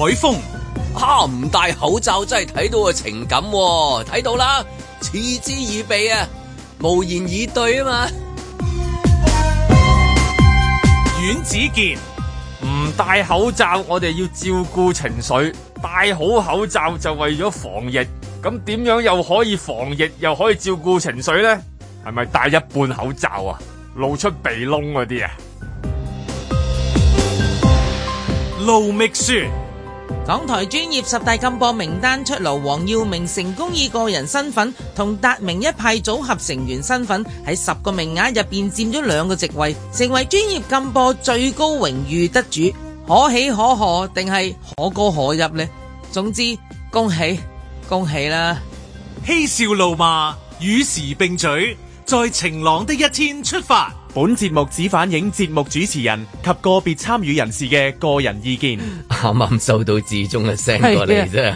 海風啊，唔戴口罩真係睇到個情感，睇到啦，嗤之以鼻啊，無言以對啊嘛。阮子健唔戴口罩，我哋要照顧情緒，戴好口罩就為咗防疫。咁點樣又可以防疫又可以照顧情緒呢？係咪戴一半口罩啊？露出鼻窿嗰啲啊？盧覓雪港台專業十大禁播名單出爐，黃耀明成功以個人身份同達明一派組合成員身份喺十個名額入邊佔咗兩個席位，成為專業禁播最高榮譽得主。可喜可賀，定係可歌可泣呢？總之，恭喜恭喜啦！嬉笑怒罵與時並舉，在晴朗的一天出發。本節目只反映節目主持人及個別參與人士嘅個人意見。啱啱收到志忠嘅聲過嚟啫，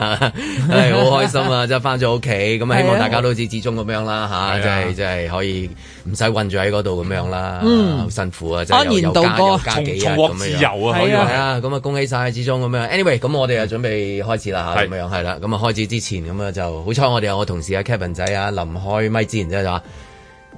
係 好、 哎、開心啊！即係翻咗屋企，咁啊，希望大家都好似志忠咁樣啦，吓，即係即係可以唔使困住喺嗰度咁樣啦，好、嗯啊、辛苦啊、就是！安然度過，重獲自由啊！係啊，咁啊恭喜晒志忠咁樣。 Anyway，咁我哋啊準備開始啦，咁樣係啦，咁啊開始之前咁啊就好彩，我哋有我同事阿 Kevin 仔啊，臨開咪之前啫，就話。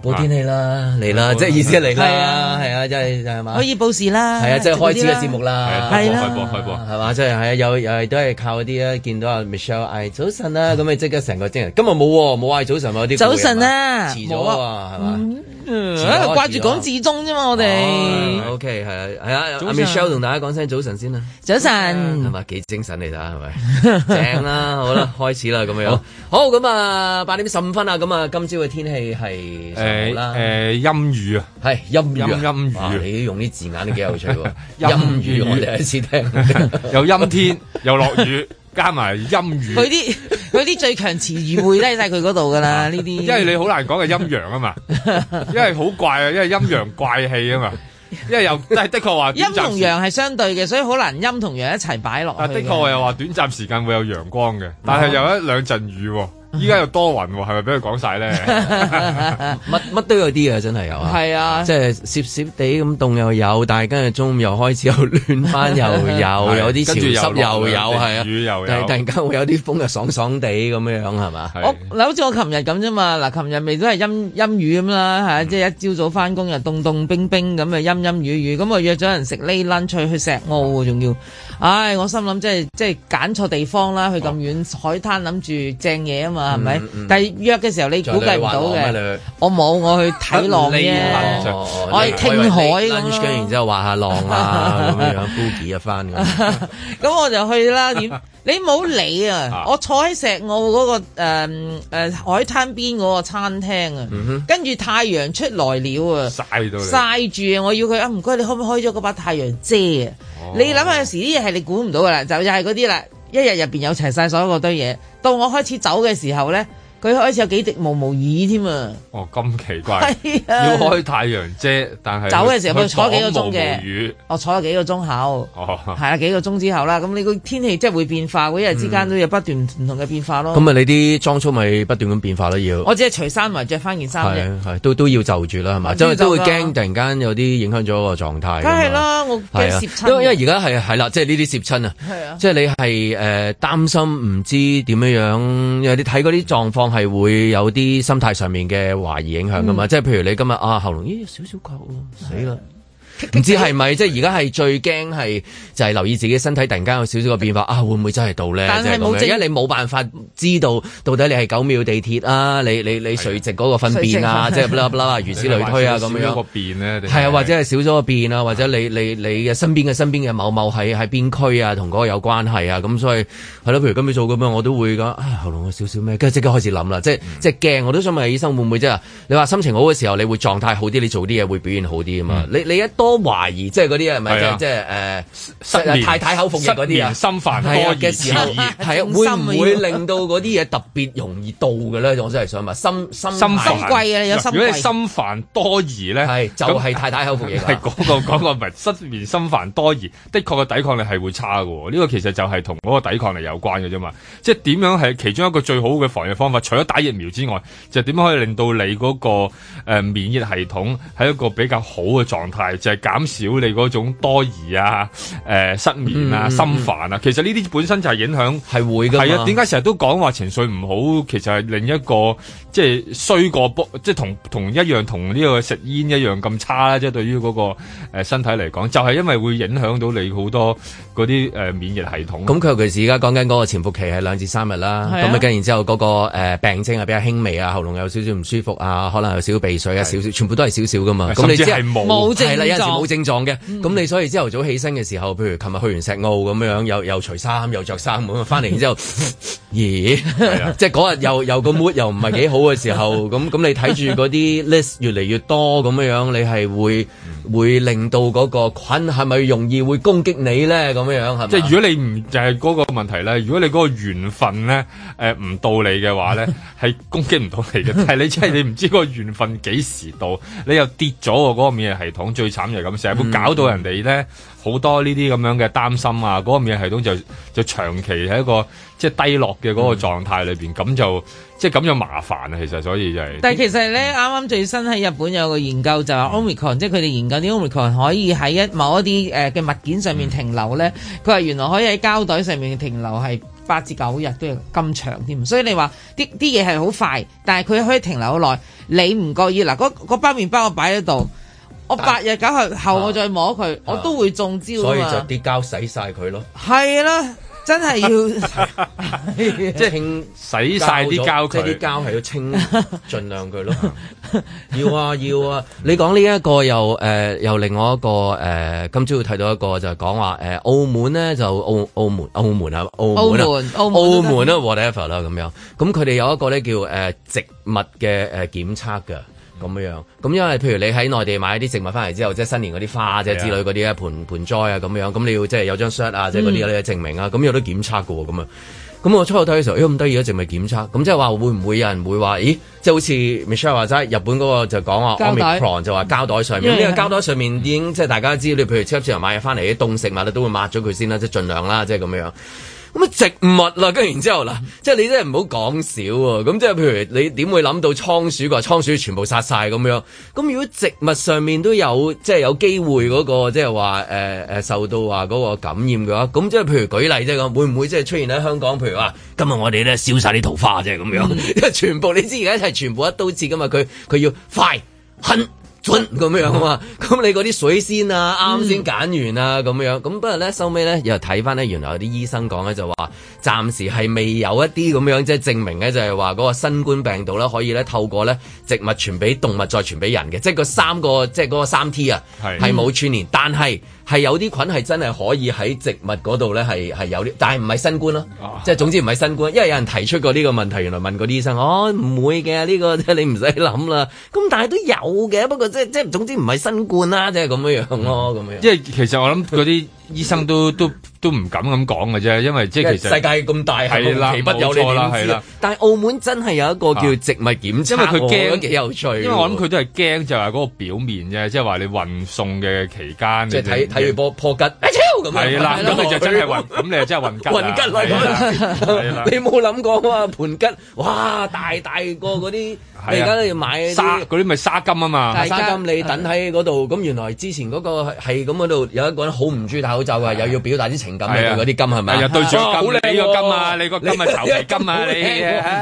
報天氣啦，嚟、啊、啦、嗯，即係意思嚟啦，係啊，即係係嘛，可以報時啦，係啊，即係開始嘅節目啦，係啦、啊啊，開播開播，係嘛，即係係啊，有又係都係靠嗰啲啊，見到阿 Michelle，嗌早晨啦，咁咪即刻成個精啊，啊今日冇冇嗌早晨啊啲，早晨啊，遲咗啊，係嘛。掛住講至終啫嘛，我哋 OK 係係啊，阿 Michelle 同大家講聲早晨先啦，早晨係咪幾精神嚟？睇，係咪正啦？好啦，開始啦，咁樣好咁啊，八點十五分啊，咁啊，今朝嘅天氣係誒誒陰雨啊，係陰陰陰雨，你用啲字眼都幾有趣喎，陰 雨，雨我第一次聽， 又陰天又落雨。 加埋陰雨，佢啲佢啲最強詞語會匿曬佢嗰度噶啦，呢啲。因為你好難講嘅陰陽啊嘛， 因為好怪啊，因為陰陽怪氣啊嘛，因為又但係的確話陰同陽係相對嘅，所以好難陰同陽一齊擺落。但係的確又話短暫時間會有陽光嘅，但係又一兩陣雨。哦依家又多雲喎，係咪俾佢講晒咧？乜 乜 都有啲嘅，真係有。係啊，即係攝攝地咁凍又有，但係跟住中午又開始又暖翻又有，啊、有啲潮濕又有，係啊。雨又有，但係突然間會有啲風又爽爽地咁 樣樣係嘛？我嗱好似我琴日咁啫嘛，嗱琴日咪都係陰陰雨咁啦，係啊， 即係一朝早翻工又凍凍冰冰咁啊，陰陰雨雨咁啊，我約咗人食呢 lunch 去，去石澳啊，仲要。唉，我心諗即係即係揀錯地方啦，去咁遠海灘諗住正嘢啊嘛，係、嗯、咪、嗯？但係約嘅時候你估計唔到嘅，我冇我去睇浪 啊，哦、我係聽海咁，lunch, 然之後話下浪啊咁 這樣，gag 一番咁，咁 這樣、 嗯、我就去啦。點？ 你冇理啊！ 我坐喺石澳嗰、那個誒誒、嗯呃、海灘邊嗰個餐廳啊，嗯、跟住太陽出來了啊，曬到曬住啊！我要佢啊，唔該，你可唔可以開咗嗰把太陽遮啊？你諗下，有時啲嘢係你估唔到噶啦，就又係嗰啲啦。一日入邊有齊晒所有嗰堆嘢，到我開始走嘅時候咧。佢開始有幾滴毛毛雨添啊！哦，咁奇怪，啊，要開太陽遮，但係走嘅時候佢坐幾個鐘嘅，我坐咗幾個鐘後，係、哦、啊幾個鐘之後啦。咁你個天氣即係會變化，一日之間都有不斷唔同嘅變化咯。咁、嗯、啊，你啲裝束咪不斷咁變化咯，我要我只係除衫埋着翻件衫啫，都都要，住要住就住啦，係嘛？即係都會驚突然間有啲影響咗個狀態。梗係啦，啊、我攝親、啊、因為因為而家係係啦，即係呢啲攝親啊，即係、啊就是、你係誒、呃、擔心唔知點樣樣，因為你睇嗰啲狀況。係會有啲心態上面嘅懷疑影響噶嘛？即、嗯、係譬如你今日啊，喉嚨咦有少少咳喎，死啦！唔 知係咪？即係而家係最驚係，就係留意自己身體突然間有少少個變化 啊，會唔會真係到咧？但係冇，因為你冇辦法知道到底你係九秒地鐵啊，你你你垂直嗰個分便啊，啊，啊，啊，即係卜啦卜啦，如此類推啊，咁樣樣個便咧，係啊，或者係少咗個便啊， 或者你你你嘅身邊嘅身邊嘅某某喺喺邊區啊，同嗰個有關係啊，咁所以係咯，譬如今次做咁樣，我都會咁啊喉嚨有少少咩，跟住即刻開始諗啦，即係、嗯、即係驚，我都想問醫生會唔會即係？你話心情好嘅時候你會狀態好啲，你做啲嘢會表現好啲啊嘛？你你一多懷疑，即係嗰啲係咪？即係誒、呃、失眠太太口服液嗰啲啊，心煩多疑嘅時候，係、 啊、會唔會令到嗰啲嘢特別容易到嘅咧？我真係想問，心心心煩啊！心如果你心煩多疑咧，係就係、係、太太口服液。係嗰、嗰個嗰、嗰個 失眠心煩多疑，的確個抵抗力係會差嘅。呢、呢個其實就係同嗰個抵抗力有關嘅啫嘛。即係點樣係其中一個最好嘅防疫方法？除咗打疫苗之外，就點樣、係、可以令到你嗰個免疫系統喺一個比較好嘅狀態？減少你嗰種多疑啊、誒、呃、失眠啊、嗯、心煩啊，其實呢啲本身就係影響，係會噶。係啊，點解成日都講話情緒唔好？其實係另一個，即係衰過即係同同一樣同呢個食煙一樣咁差啦、啊。即係對於嗰、那個誒、呃、身體嚟講，就係、是、因為會影響到你好多嗰啲誒免疫系統。咁佢尤其係而家講緊嗰個潛伏期係兩至三日啦。咁啊跟然之後嗰、那個誒、呃、病症係比較輕微啊，喉嚨有少少唔舒服啊，可能有少少鼻水啊，少少，全部都係少少噶嘛。咁、啊、甚至係冇，係冇症狀嘅，咁你所以朝頭早起身嘅時候，譬如琴日去完石澳咁樣，又又除衫又着衫，咁啊翻嚟之後， 咦，是啊、 即係嗰日又又個 mood 又唔係幾好嘅時候，咁 咁你睇住嗰啲 list 越嚟越多咁樣樣你係會會令到嗰個菌係咪容易會攻擊你咧？咁樣樣，係即係如果你唔 就係嗰個問題咧，如果你嗰個緣分咧，誒唔到你嘅話咧，係 攻擊唔到你嘅，但、就、係、是、你即係、就是、你唔知個緣分幾時到，你又跌咗嗰個免疫系統最慘。係咁，成日會搞到人哋咧好多呢啲咁樣嘅擔心啊！嗰、那個免疫系統就就長期喺一個即係低落嘅嗰個狀態裏邊，咁、嗯、就即係咁就麻煩啊！其實所以就係、是。但係其實咧，啱、嗯、啱最新喺日本有個研究就話，Omicron、嗯、即係佢哋研究啲 Omicron 可以喺一某一啲誒嘅物件上面停留咧。佢、嗯、話原來可以喺膠袋上面停留係八至九日都咁長添。所以你話啲啲嘢係好快，但係佢可以停留好耐。你唔覺意嗱，嗰嗰包麵包我擺喺度。我八日搞佢後，我再摸佢、啊，我都會中招、啊、所以就啲膠洗晒佢咯，係啦，真係要、， 即係、要清洗晒啲膠佢，即係啲膠係要清儘量佢咯。要啊要啊！ 你講呢、呃、一個又誒又另外一個誒今朝要睇到一個就係講話誒澳門咧就澳澳門澳門啊澳門，澳門啊澳門啊，澳門啊 whatever 啦咁樣。咁佢哋有一個咧叫誒植物嘅誒檢測噶。咁樣樣，咁因為譬如你喺內地買啲植物翻嚟之後，即係新年嗰啲花者之類嗰啲啊，盆盆栽啊咁樣，咁你要即係有張 cert 啊，即係嗰啲嘅證明啊，咁有得檢測嘅咁啊，咁我初頭睇嘅時候，咦咁得意嘅植物檢測，咁即係話會唔會有人會話，咦，即係好似 Michelle 話齋，日本嗰個就講話，膠袋就話膠袋上面，因為是是膠袋上面已經即係大家都知道，你譬如超市又買嘢翻嚟啲凍食物咧，都會抹咗佢先啦，即係儘量啦，即係咁樣。咁植物啦，跟然之後啦即係你真係唔好講少喎。咁即係譬如你點會諗到倉鼠㗎？倉鼠全部殺晒咁樣。咁如果植物上面都有即係、即係、有機會嗰、嗰個即係話誒受到話嗰個感染嘅話，咁即係譬如舉例即係講會唔會即係出現喺香港？譬如話今日我哋咧燒晒啲桃花即係咁樣，因為全部你知而家一係全部一刀切嘅嘛，佢佢要快狠。咁樣，樣那那啊嘛，咁你嗰啲水仙啊啱先揀完啊，咁、嗯、樣，咁不過咧收尾咧又睇翻咧，原來有啲醫生講咧就話。暫時係未有一啲咁樣，即係證明咧，就係話嗰個新冠病毒咧可以咧透過咧植物傳俾動物，再傳俾人嘅，即係個三個即係嗰個三 T 啊，係冇串聯。但係係有啲菌係真係可以喺植物嗰度咧係有啲，但係唔係新冠咯，即係總之唔係新冠。因為有人提出過呢個問題，原來問過啲醫生，哦，唔會嘅呢、呢個，即你唔使諗啦。咁但係都有嘅，不過即係即總之唔係新冠啦，即係咁樣樣咯，咁、嗯、樣。因為其實我諗啲。醫生都都都唔敢咁講嘅啫，因為即係其實世界咁大，係啦，冇錯啦，係啦。但係澳門真係有一個叫植物檢測、啊，因為佢驚幾有趣。因為我諗佢都係驚就係嗰個表面啫，即係話你運送嘅期間即係睇睇住破破吉、哎，超咁啊！係啦，咁你， 你就真係運，咁你啊真係運吉啦！ 你冇諗過嘛、啊？盤吉，哇，大大個嗰啲。 你而家都要買沙嗰啲咪沙金啊嘛，沙金你等喺嗰度。咁原來之前嗰個係咁嗰度有一個人好唔著戴口罩啊，又要表達啲情感啊。嗰啲金係咪？係對住個金，個金、哦嗯嗯嗯、啊！你個金咪籌旗金啊！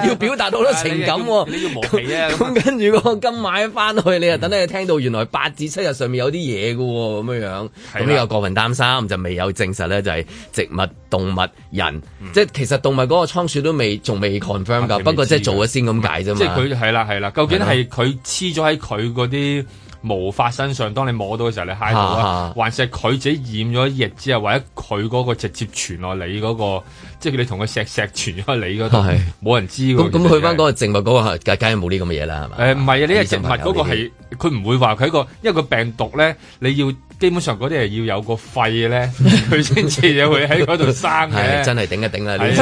你要表達到好多情感喎。你要無比啊！咁、啊、跟住個金買翻去，嗯、你就等你聽到原來八至七日上面有啲嘢㗎喎，咁樣樣咁呢個過分擔心，就未有證實咧，就係植物、動物、人，即係其實動物嗰個倉鼠都未仲未 confirm 㗎。不過即係做咗先咁解啫嘛。即係佢係啦，係啦，究竟係佢黐咗喺佢嗰啲毛髮身上，當你摸到嘅時候你揩到啊，還是係佢自己染咗液之後，或者佢嗰個直接傳落你嗰個，即係你同佢石石傳咗喺你嗰度，冇人知㗎。咁咁去翻嗰個植物嗰個，梗係冇呢啲咁嘅嘢啦，係嘛？誒唔係啊，呢個植物嗰個係，佢唔會話佢一個，因為個病毒咧，你要。基本上嗰啲係要有個肺咧，佢先至會喺嗰度生嘅、啊。真係頂一頂啦，係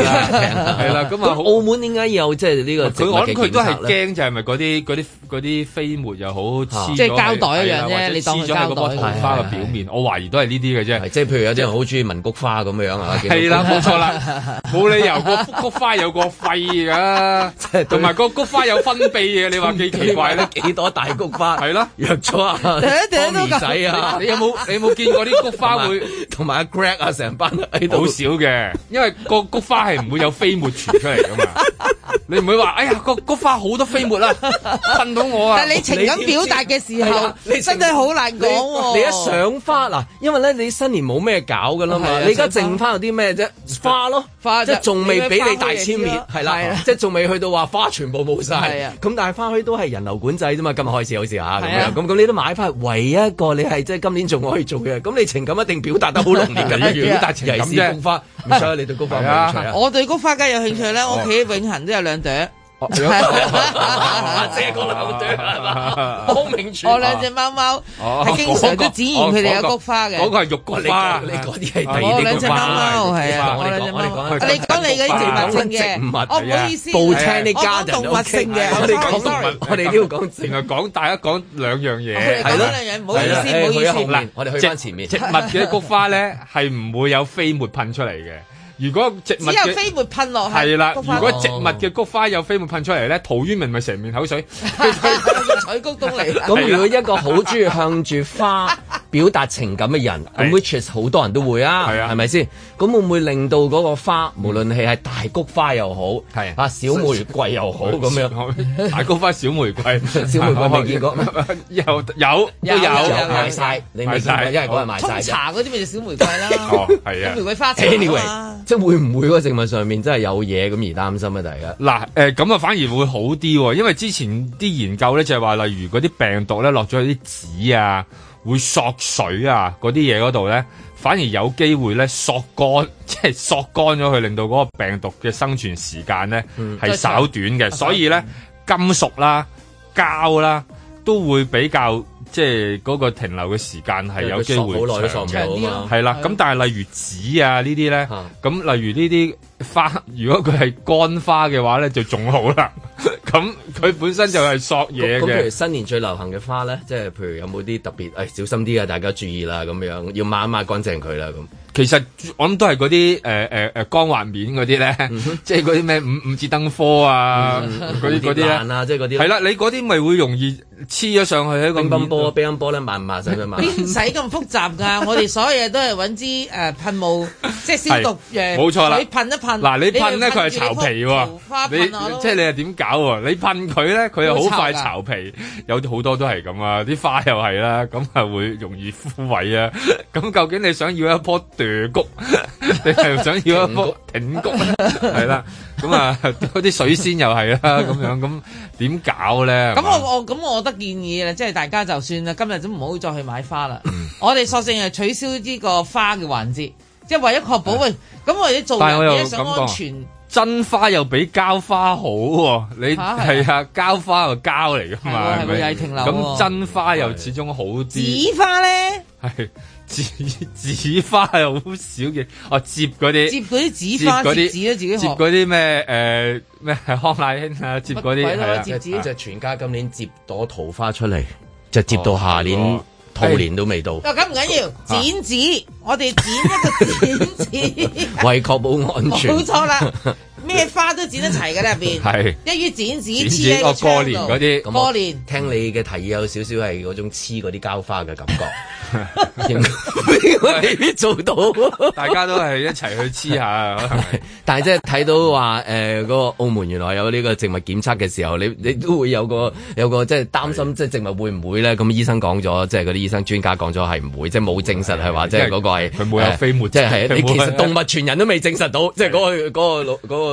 啦、啊。咁啊，啊，澳門點解有即係呢個？佢佢都係驚，就係咪嗰啲嗰啲啲飛沫又好似咗？即係膠袋一樣啫。黐咗喺個桃花嘅表面、啊啊，我懷疑都係呢啲嘅啫。即係、啊就是、譬如有啲人好中意聞菊花咁嘅樣啊，係啦，冇、啊啊啊、錯啦，冇理由個 菊花有個肺㗎、啊，同、就、埋、是、個菊花有分泌嘅， 你話幾奇怪咧？幾 多大菊花係啦、 啊，弱咗啊，阿米仔啊，你有冇？ 你有冇有見過啲菊花會同埋阿 Greg 啊，成、啊啊、班喺度，好少嘅，因為個菊花係唔會有飛沫傳出嚟噶嘛。 你唔會話哎呀個菊花好多飛沫啊，噴到我啊！但係你情感表達嘅時候，啊、你真係好難講、啊。你一想花啦，因為咧你新年冇咩搞噶啦嘛，啊、你而家剩翻有啲咩啫？花咯，花，咯花、就是、即仲未俾你大千面，係啦、啊啊啊，即係仲未去到話花全部冇晒。咁、啊、但係花墟都係人流管制啫嘛，今日開始好似吓咁咁咁你都買翻唯一一個你係即係今年。做我可以做嘅，咁你情感一定表達得好濃烈咁樣， 表達情深咁啫。唔錯啊，你對菊花，興對菊花有興趣。我對菊花梗有興趣咧，我屋企永恆都有兩朵。哦係 啊，即係個鳥啄係嘛，我兩隻貓貓係經常都指認佢哋有菊花嘅。嗰個係玉菊花，你嗰啲係第啲花。我兩隻貓貓係啊，我兩隻貓。你講你啲植物性嘅，我唔、哦、好意思，嗯、你講、OK 啊、動物性嘅。Sorry, sorry, 我哋講動物，我哋要講，淨係講大家講兩樣嘢。係咯，兩樣，唔好意思，唔好意思。嗱，我哋去翻前面，植物嘅菊花咧係唔會有飛沫噴出嚟嘅。如果植物只有飛沫噴落，係啦，如果植物嘅菊花有飛沫噴出嚟咧，陶淵明咪成面口水，採 菊東籬。咁如果一個好中意向住花表達情感嘅人，which 咁 is 好多人都會啊，係咪先？咁會唔會令到嗰個花，無論係係大菊花又好，係啊小， 小玫瑰又好咁樣，大菊花小玫瑰，小玫瑰未見過，啊、又有有又有賣晒，你賣晒，因為嗰日賣晒，茶嗰啲咪就小玫瑰啦，哦係啊，玫瑰花 anyway。即係會唔會個植物上面真係有嘢咁而擔心啊？大家嗱，誒咁啊反而會好啲，因為之前啲研究咧就係話，例如嗰啲病毒咧落咗啲紙啊、會索水啊嗰啲嘢嗰度咧，反而有機會咧索乾，即係索乾咗佢，令到嗰個病毒嘅生存時間咧係、嗯、稍短嘅、嗯，所以咧、嗯、金屬啦、膠啦都會比較。即係嗰、嗰個停留嘅時間係有機會好耐嘅，係啦。咁、啊、但係例如紙啊呢啲咧，咁例如呢啲花，如果佢係乾花嘅話咧，就仲好啦。咁 佢本身就係索嘢嘅。咁譬如新年最流行嘅花咧，即係譬如有冇啲特別？哎、小心啲啊，大家注意啦，咁樣要抹一抹乾淨佢啦，咁。其實我諗都係嗰啲誒誒誒光滑面嗰啲咧，即係嗰啲咩五五節燈科啊，嗰啲嗰啲咧，即係嗰啲係啦，你嗰啲咪會容易黐咗上去喺個乒乓波啊，乒乓波咧，麻唔麻？使唔使麻？唔使咁複雜噶，我哋所有嘢都係揾支誒噴霧，即係消毒藥。冇錯啦，你噴一噴嗱，你噴咧佢係巢皮喎，即係你係點搞喎？你噴佢咧，佢又好快巢皮，有好多都係咁啊，啲花又係啦，咁係會容易枯萎啊。咁究竟你想要一樖？蛇、嗯嗯嗯、 你係想要一幅挺菊係啦，咁啊嗰啲水仙又係啦，咁樣咁點搞咧？咁我是是那我咁我都建議啦，即係大家就算啦，今日都唔好再去買花啦。 我哋索性係取消呢個花嘅環節，即係為咗確保喂，咁或者做人嘢想安全，真花又比膠花好、啊。你係啊，膠、啊、花就膠嚟噶嘛，係咪停留、啊？咁真花又始終好啲。紙花咧，係。紙紙花又好少嘅，我折嗰啲，折嗰啲紙花，折紙、啊、自己，折嗰啲咩誒咩係康乃馨啊，折嗰啲就是、全家今年接朵桃花出嚟，、啊，就接到下年兔、啊、年都未到，咁唔緊要，剪紙、啊、我哋剪一個剪紙，為確保安全，冇錯啦。咩花都剪得齊嘅，喺入邊，一於剪自己剪黐一度。過年嗰啲，過年、嗯、聽你嘅提議有少少係嗰種黐嗰啲膠花嘅感覺，未必做到？ 大家都係一齊去黐下。 但係即係睇到話誒，嗰、呃、個澳門原來有呢個植物檢測嘅時候，你你都會有個有個即係擔心，即係植物會唔會咧？咁醫生講咗，即係嗰啲醫生專家講咗係唔會，即係冇證實係話，即係佢冇有飛沫，即係你其實動物傳人都未證實到，即係嗰個個嗰個。.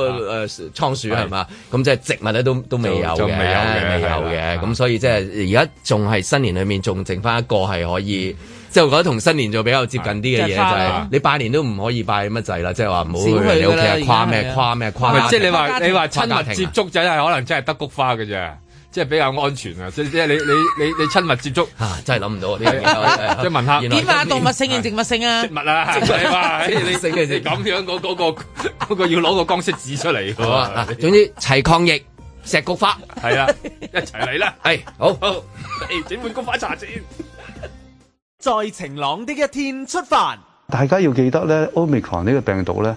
誒、啊，倉鼠係嘛？咁即係植物咧，都都未有嘅，未有嘅，未有嘅。咁所以即係而家仲係新年裏面仲剩翻一個係可以，即係我覺得同新年做比較接近啲嘅嘢就係、是就是啊，你拜年都唔可以拜乜滯啦，即係話唔好你屋企跨咩跨咩跨，跨，跨，跨，跨、啊、跨。即係你話你話親密接觸就係可能真係得菊花嘅啫。即係比較安全啊！即係你你你你親密接觸啊，真係諗唔到啊！即係問下，點啊？動物性定植物性啊？植物啊，即係你食嘅時咁樣嗰嗰個嗰個要攞個光色紙出嚟嘅。總之齊抗疫，石菊花，係啊，一齊嚟啦！係，好好，整碗菊花茶先。在晴朗的一天出發，大家要記得咧，Omicron 呢個病毒咧。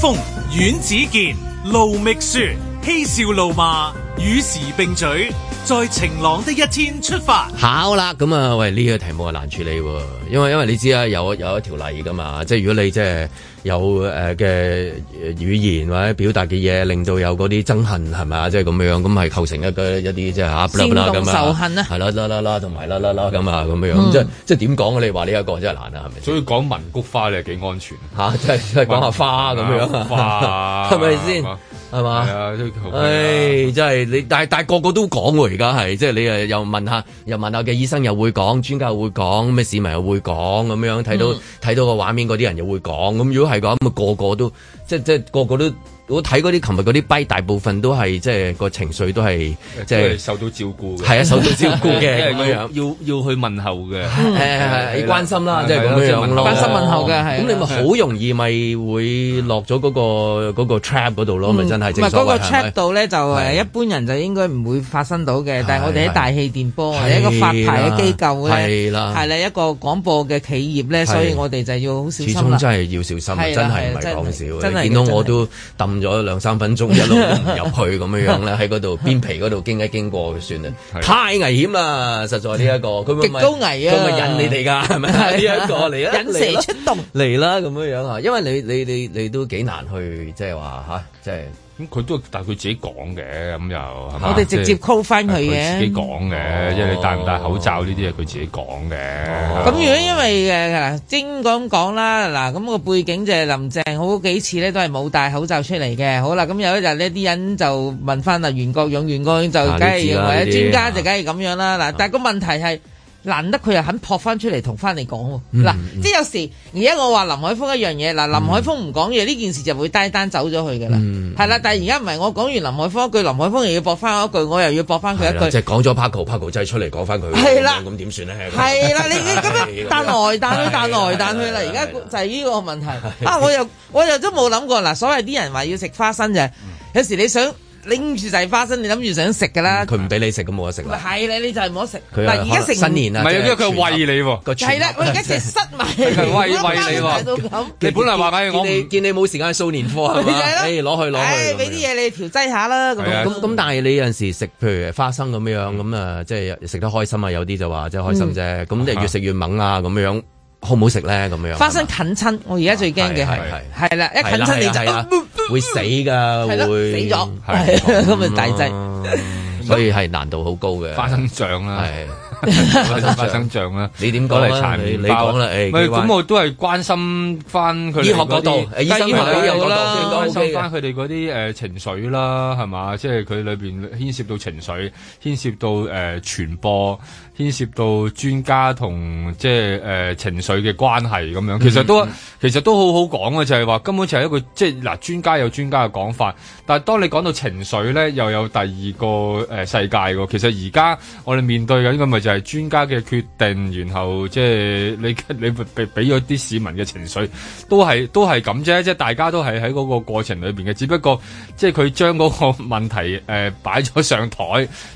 馮源、子健盧覓雪，嬉笑怒罵與時並舉。在晴朗的一天出發。好啦，咁啊喂，呢、這個題目係難處理，因為因為你知啊，有有一條例噶嘛，即係如果你即係有誒嘅、啊、語言或者表達嘅嘢，令到有嗰啲憎恨係咪啊即係咁樣，咁係構成一個一啲即係壓力啦，咁啊仇恨咧，係啦啦啦同埋啦啦啦咁啊咁樣，即係、啊啊啊啊嗯、即係點講？你話呢一個真係難啊，係咪？所以講文菊花你係幾安全吓，即係即係講下花咁樣、嗯，花係咪先？ 對吧 啊係嘛？唉、啊啊哎，真係你，但係但係個個都講喎，而家係，即係你誒又問下，又問下嘅醫生又會講，專家又會講，咩市民又會講咁樣，睇到睇到個畫面嗰啲人又會講，咁如果係講咁啊，個個都。即係即係個個都我睇嗰啲琴日嗰啲碑，Bike，大部分都係即係個情緒都係即係受到照顧嘅，係啊，受到照顧嘅咁樣，要要去問候嘅，係係係你關心啦，即係咁樣咯、啊就是，關心問候嘅。係咁、啊啊、你咪好容易咪會落咗嗰、那個嗰、啊那個 trap 度咯？咪真係正所謂唔係嗰個 trap 度咧、啊那個啊，就誒、是、一般人就應該唔會發生到嘅、啊。但係我哋喺大氣電波或者、啊、一個發牌嘅機構咧，係啦、啊，係啦、啊，一個廣播嘅企業咧、啊，所以我哋就要好小心、啊、始終真係要小心，是啊、真係唔係講笑。是啊見到我都揼咗兩三分鐘，一路都唔入去咁樣樣咧，喺嗰度邊皮嗰度經一經過算啦， 太危險啦！實在呢一個，佢咪都危呀佢咪引你哋㗎，係咪呢一個嚟啦，引蛇出洞嚟啦，咁樣樣，因為你你你你都幾難去，即係話，即係。咁佢都，但佢自己講嘅，咁又係嘛？我哋直接 call 翻佢嘅。就係、自己講嘅，即、哦、係你戴唔戴口罩呢啲嘢，佢自己講嘅。咁、哦哦、如果因為誒嗱，精講講啦，嗱、嗱、咁個背景就係林鄭好幾次咧都係冇戴口罩出嚟嘅。好啦，咁有一日呢啲人就問翻嗱，袁國勇，袁國勇就梗係認為，啊、或者專家就梗係咁樣啦。嗱、啊，但個問題係。難得佢又肯撲翻出嚟同翻你講喎，嗱、嗯，即係有時而家我話林海峰一樣嘢，嗱，林海峰唔講嘢呢件事就會單單走咗去㗎啦，係、嗯、啦，但係而家唔係我講完林海峰一句，林海峰又要駁翻我一句，我又要駁翻佢一句，即係講咗 Paco，Paco 即係出嚟講翻佢，係啦，咁點算咧？係啦，你啲咁樣彈來彈去，彈來、呃、彈去啦，而家、呃、就係呢個問題。啊，我又我又都冇諗過嗱，所謂啲人話要食花生嘅，有時你想。拎住就係花生，你諗住想食噶啦，佢唔俾你食，咁冇得食啦。係你就係冇得食。佢而家新年啦，唔係，因為佢餵你喎。係啦，我而家食失迷，餵餵你喎。你本來話緊要我你見，見你冇時間掃年貨係嘛？你攞去攞去。俾啲嘢你調劑下啦。咁咁咁，但係你有陣時食譬如花生咁樣咁啊，即係食得開心啊，有啲就話即係開心啫，咁即係越食越猛啊咁樣。好唔好食咧？咁樣花生近親，我而家最驚嘅係係啦，一近親你就會死噶，會死咗，咁咪大劑，所以係難度好高嘅花生醬啦，係花生醬啦。你點講咧？你你講啦，咁、欸、我都係關心翻佢醫學角度，誒，醫生角度啦，關心翻佢哋嗰啲誒情緒啦，係嘛？即係佢裏邊牽涉到情緒，牽涉到誒傳播。牽涉到專家同即係誒情緒嘅關係咁樣，其實都、嗯嗯、其實都好好講啊！就係、是、話根本就係一個即係嗱，專、就是、家有專家嘅講法，但係當你講到情緒咧，又有第二個誒、呃、世界喎。其實而家我哋面對緊嘅呢個咪就係專家嘅決定，然後即係、就是、你你俾俾咗啲市民嘅情緒，都係都係咁啫，即、就、係、是、大家都係喺嗰個過程裏邊嘅，只不過即係佢將嗰個問題誒擺咗上台，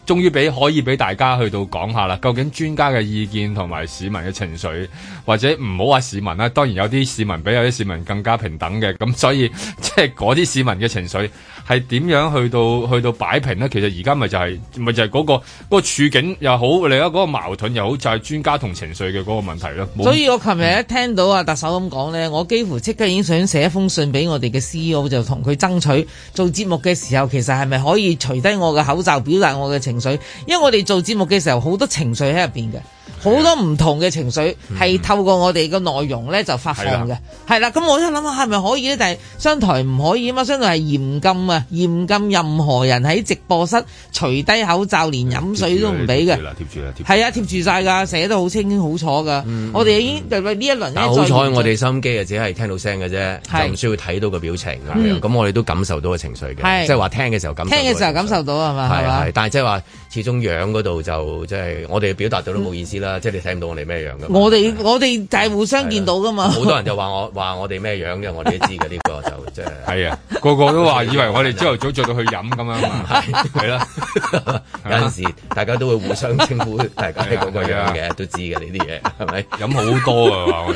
終於俾可以俾大家去到講下啦。究竟專家嘅意見同埋市民嘅情緒，或者唔好話市民啦，當然有啲市民比有啲市民更加平等嘅，咁所以即係嗰啲市民嘅情緒係點樣去到去到擺平呢？其實而家咪就係、是、咪就係、嗰個、嗰個處境又好，另、那、一個矛盾又好，就係、是、專家同情緒嘅嗰個問題咯。所以我琴日一聽到阿特首咁講呢，嗯、我幾乎即刻已經想寫一封信俾我哋嘅 CEO，就同佢爭取做節目嘅時候，其實係咪可以除低我嘅口罩表達我嘅情緒？因為我哋做節目嘅時候好多情緒。佢喺入邊嘅好多唔同嘅情緒，係透過我哋嘅內容咧、嗯、就發放嘅。係、嗯、啦，咁、嗯、我都諗下係咪可以咧？但係商台唔可以啊！商台係嚴禁啊，嚴禁任何人喺直播室除低口罩，連飲水都唔俾嘅。係啦，貼住係啊，貼住晒噶，寫得好清好楚噶、嗯。我哋已經呢、嗯、一輪咧。但好彩我哋收音機啊，只係聽到聲嘅啫，就唔需要睇到個表情咁、嗯、我哋都感受到個情緒嘅，即係話聽嘅時候感受。聽嘅時候感受到係嘛？係但係即係話。始終樣嗰度就即係、即係、我哋表達到都冇意思啦，嗯、即係你睇唔到我哋咩樣噶。我哋、啊、我哋就係互相見到噶嘛。好、啊、多人就話我話我哋咩樣嘅，我哋都知嘅呢、呢個就即係。係、即係、啊，個個都話以為我哋朝頭早著到去飲咁樣，唔係係啦。有陣、啊啊啊、時大家都會互相稱呼大家嘅個個樣嘅、啊啊，都知嘅呢啲嘢係咪飲好多啊？話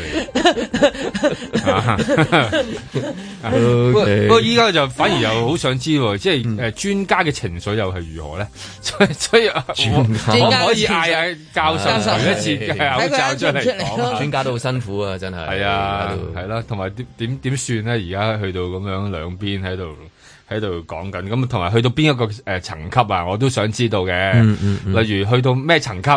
我哋。不過依家就反而又好想知喎，即係誒、嗯、專家嘅情緒又係如何咧？ 所以，我可以嗌喺教授嚟一次，戴、啊、口罩出嚟，專家都好辛苦啊！真係，係啊，係啦，同埋點點點算咧？而家去到咁樣兩邊喺度喺度講緊，咁同埋去到邊一個誒、呃、層級啊？我都想知道嘅、嗯嗯嗯，例如去到咩層級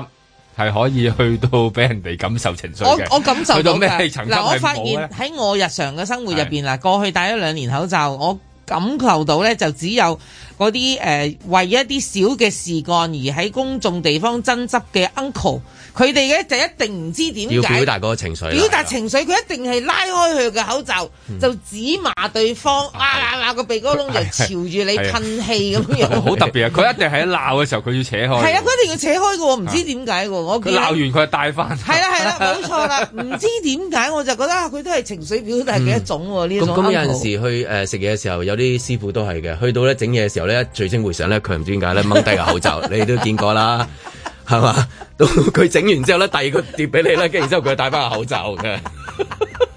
係可以去到俾人哋感受情緒我,我感受到嘅。嗱，我發現喺我日常嘅生活入面啊，過去戴咗兩年口罩，我。感受到咧，就只有嗰啲誒為一啲小嘅事幹而喺公眾地方爭執嘅 uncle。佢哋嘅就一定唔知點解，要表達個情緒表達情緒佢、啊、一定係拉開佢嘅口罩、嗯，就指罵對方，啊啊啊個、啊、鼻哥窿就朝住你噴氣咁樣好特別啊！佢一定係喺鬧嘅時候，佢要扯開，係啊，佢、啊啊、一定要扯開嘅喎，唔、啊、知點解喎，我佢鬧完佢又戴翻，係啦係啦，冇錯啦，唔知點解我就覺得佢、啊、都係情緒表達嘅一種喎、啊，呢、嗯、種咁、嗯、有陣時去誒食嘢嘅時候，有啲師傅都係嘅，去到咧整嘢嘅時候咧，聚精會上聚精會神咧，佢唔知點解掹低個口罩， 你都見過啦。 係嘛？到佢整完之後咧，第二個碟俾你呢。跟住之後佢戴翻個口罩嘅，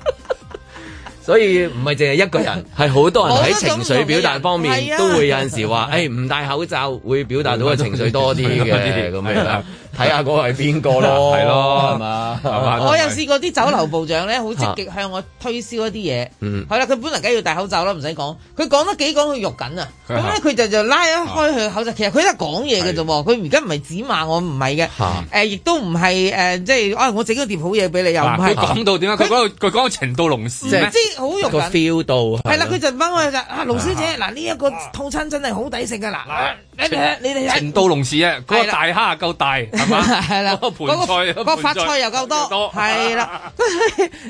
所以唔係淨係一個人，係好多人喺情緒表達方面都，人都會有陣時話，誒、 哎，唔戴口罩會表達到嘅情緒多啲嘅咁樣。 睇下嗰個係邊個咯，係、哦、咯，係嘛？我有試過啲酒樓部長咧，好積極向我推銷一啲嘢。嗯，係、嗯、啦，佢本能梗要戴口罩啦，唔使講。佢講得幾講佢肉緊啊！咁咧，佢就就拉一開佢口罩，其實佢都係講嘢嘅啫喎。佢而家唔係指罵我唔係嘅，誒，亦都唔係誒，即係啊，啊，我整咗碟好嘢俾你又。唔佢講到點解？佢講佢程度到龍師，即係好肉 feel 到。係啦，佢就問我話：啊龍小姐，嗱，呢、啊、一、這個套餐真係好抵食嘅嗱。啊啊啊啊。你哋情到濃時啊，嗰個大蝦夠大，係嘛？係啦，嗰個盤菜、嗰個發菜又夠多，係啦。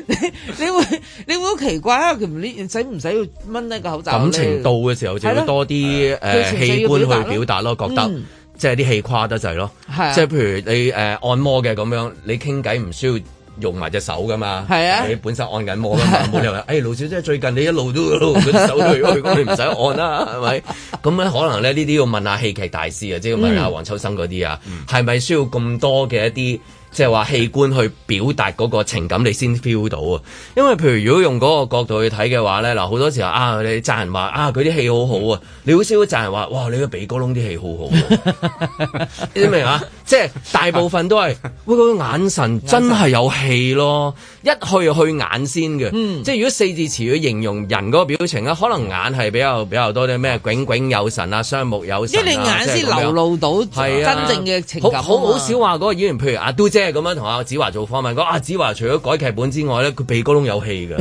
你會你會好奇怪啊？你使唔使要掹呢個口罩？感情到嘅時候就要多啲誒器官去表達咯、呃嗯，覺得即係啲氣誇得滯咯。即係譬如你誒、呃、按摩嘅咁樣，你傾偈唔需要。用埋隻手㗎嘛、啊，你本身按緊摸㗎嘛，冇理由。 哎，盧小姐最近你一路都嗰隻手去去，我 你唔使按啦、啊，係咪？咁咧可能咧呢啲要問下戲劇大師啊，即係問下黃秋生嗰啲啊，係、嗯、咪需要咁多嘅一啲？即係話器官去表達嗰個情感，你先 feel 到啊！因為譬如如果用嗰個角度去睇嘅話咧，嗱好多時候啊，你讚人話啊，佢啲戲好好啊，你你好啊你，你好少讚人話哇，你個鼻哥窿啲戲好好，你明啊？」即係大部分都係，嗰個眼神真係有戲咯，一去去眼先嘅，即係如果四字詞去形容人嗰個表情啊，可能眼係比較比較多啲咩，炯炯有神啊，雙目有神啊，即係眼先流露到、啊、真正嘅情感好。好，好少話嗰個演員，譬如阿、啊、杜姐。即係咁樣同阿子華做訪問，講阿子華除咗改劇本之外咧，佢鼻哥窿有戲嘅，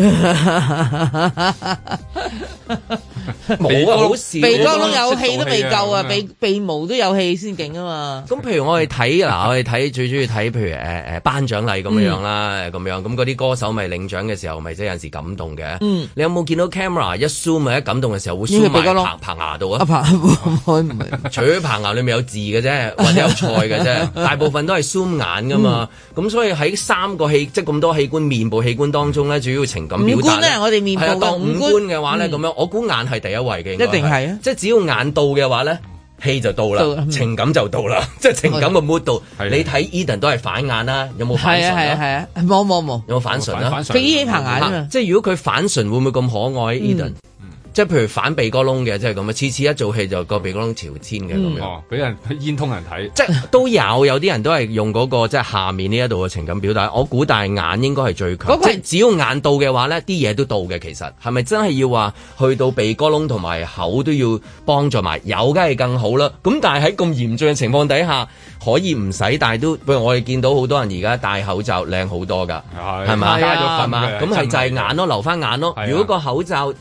冇冇事。鼻哥窿有戲都未夠啊，鼻鼻毛都有戲先勁啊嘛。咁譬如我哋睇嗱，我哋睇最中意睇譬如誒誒頒獎禮咁樣啦，咁、嗯、樣，咁嗰啲歌手咪領獎嘅時候，咪即係有時感動嘅、嗯。你有冇見到 camera 一 zoom 咪一感動嘅時候會 zoom 埋棚棚牙度啊？棚唔係， 除咗棚牙裏面有字嘅啫，或者有菜嘅啫， 大部分都係 zoom 眼噶嘛。嗯咁、嗯啊、所以喺三個器，即係咁多器官，面部器官當中咧，主要情感表達。五官咧，我哋面部、啊、當五官嘅話咧，咁、嗯、樣我估眼係第一位嘅，一定係啊！即係只要眼到嘅話咧，氣就到啦、嗯，情感就到啦，即係情感嘅 mood 到。嗯、你睇 Edan 都係反眼啦，有冇反唇？係啊係啊係啊，望有冇反唇啦？佢已起拍眼啊！即係如果佢反唇，會唔會咁可愛 Edan？即係譬如反鼻哥窿嘅，即係咁樣，次次一做戲就個鼻哥窿朝天嘅咁樣，俾、哦、人煙通人睇。即係都有，有啲人都係用嗰、那個即係下面呢一度嘅情感表達。我估大眼應該係最強。Okay. 即個只要眼到嘅話呢啲嘢都到嘅。其實係咪真係要話去到鼻哥窿同埋口都要幫助埋？有梗係更好啦。咁但係喺咁嚴重嘅情況底下，可以唔使戴，但都譬如我哋見到好多人而家戴口罩靚好多噶，係、哎、嘛？加咗粉嘅，咁係、啊、就係眼咯，留翻眼咯。啊、如果個口罩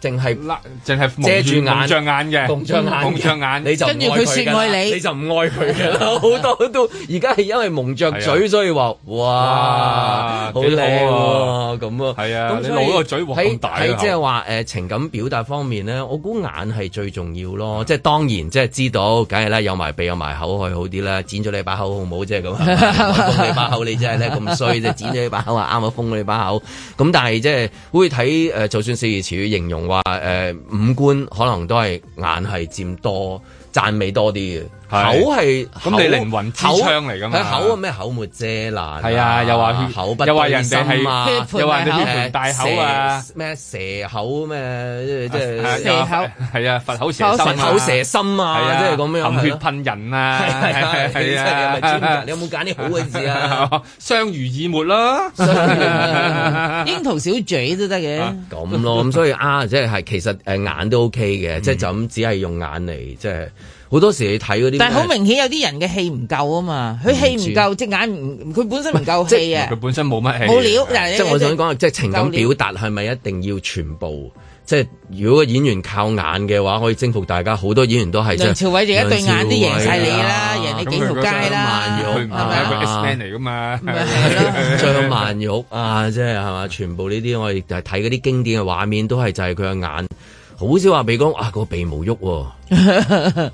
淨係淨係遮住眼、蒙着眼嘅，蒙著眼，蒙眼，蒙眼你就不跟住佢說愛你，你就唔愛佢嘅。好 多都而家係因為蒙着嘴、啊，所以話哇，嗯、 好靚美喎，咁啊，係 啊。咁所以喺喺即係話誒，情感表達方面咧，我估眼係最重要咯。即、就、係、是、當然，即係知道，梗係啦，有埋鼻有埋口係好啲啦。剪咗你把口好唔好？即係咁，封 你把口，你真係咧咁衰，就剪咗你把口啊，啱啱封咗你把口。咁但係即係會睇誒，就算四字詞形容。話誒、呃、五官可能都係眼係佔多，讚美多啲嘅。是口係咁，你靈魂之窗嚟噶嘛？口口咩口,口沒遮攔、啊？係啊,啊，又話血口不，又話人哋係又話你寬大口啊？咩蛇口咩？即係蛇口係啊，佛、啊啊啊、口蛇心啊，口蛇心啊，即係咁樣含血噴人啊！係啊，係啊,啊,啊,啊,啊,啊,啊,啊，你有冇揀啲好嘅字啊？相濡以沫啦，櫻、啊啊啊、桃小嘴都得嘅。咁咯，咁所以啊，即係其實誒眼都 OK 嘅，即係就咁，只係用眼嚟即係。好多時你睇嗰啲，但係好明顯有啲人嘅氣唔夠啊嘛，佢氣唔夠，隻眼唔，佢本身唔夠氣啊。佢本身冇乜氣。冇料，即係、就是、我想講，即、就、係、是、情感表達係咪一定要全部？即係如果演員靠眼嘅話，可以征服大家。好多演員都係。梁朝偉就一對眼，都贏晒你啦，啦贏你幾條街啦。曼玉係咪？是是啊 man 嚟噶嘛。張 曼是吧 玉啊，即係係嘛？全部呢啲我哋睇嗰啲經典嘅畫面都係就係佢嘅眼。好少話鼻哥啊，個鼻冇喐喎，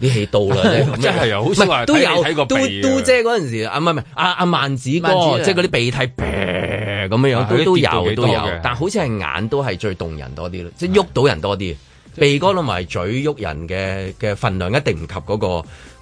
啲 氣到啦，真係啊，好少話都有睇個嘟嘟姐嗰陣時啊，唔係唔係阿阿萬子哥，即係嗰啲鼻涕咁樣樣都都有都有，但好似係眼都係最動人多啲咯，即係喐到人多啲，鼻哥同埋嘴喐人嘅嘅份量一定唔及嗰個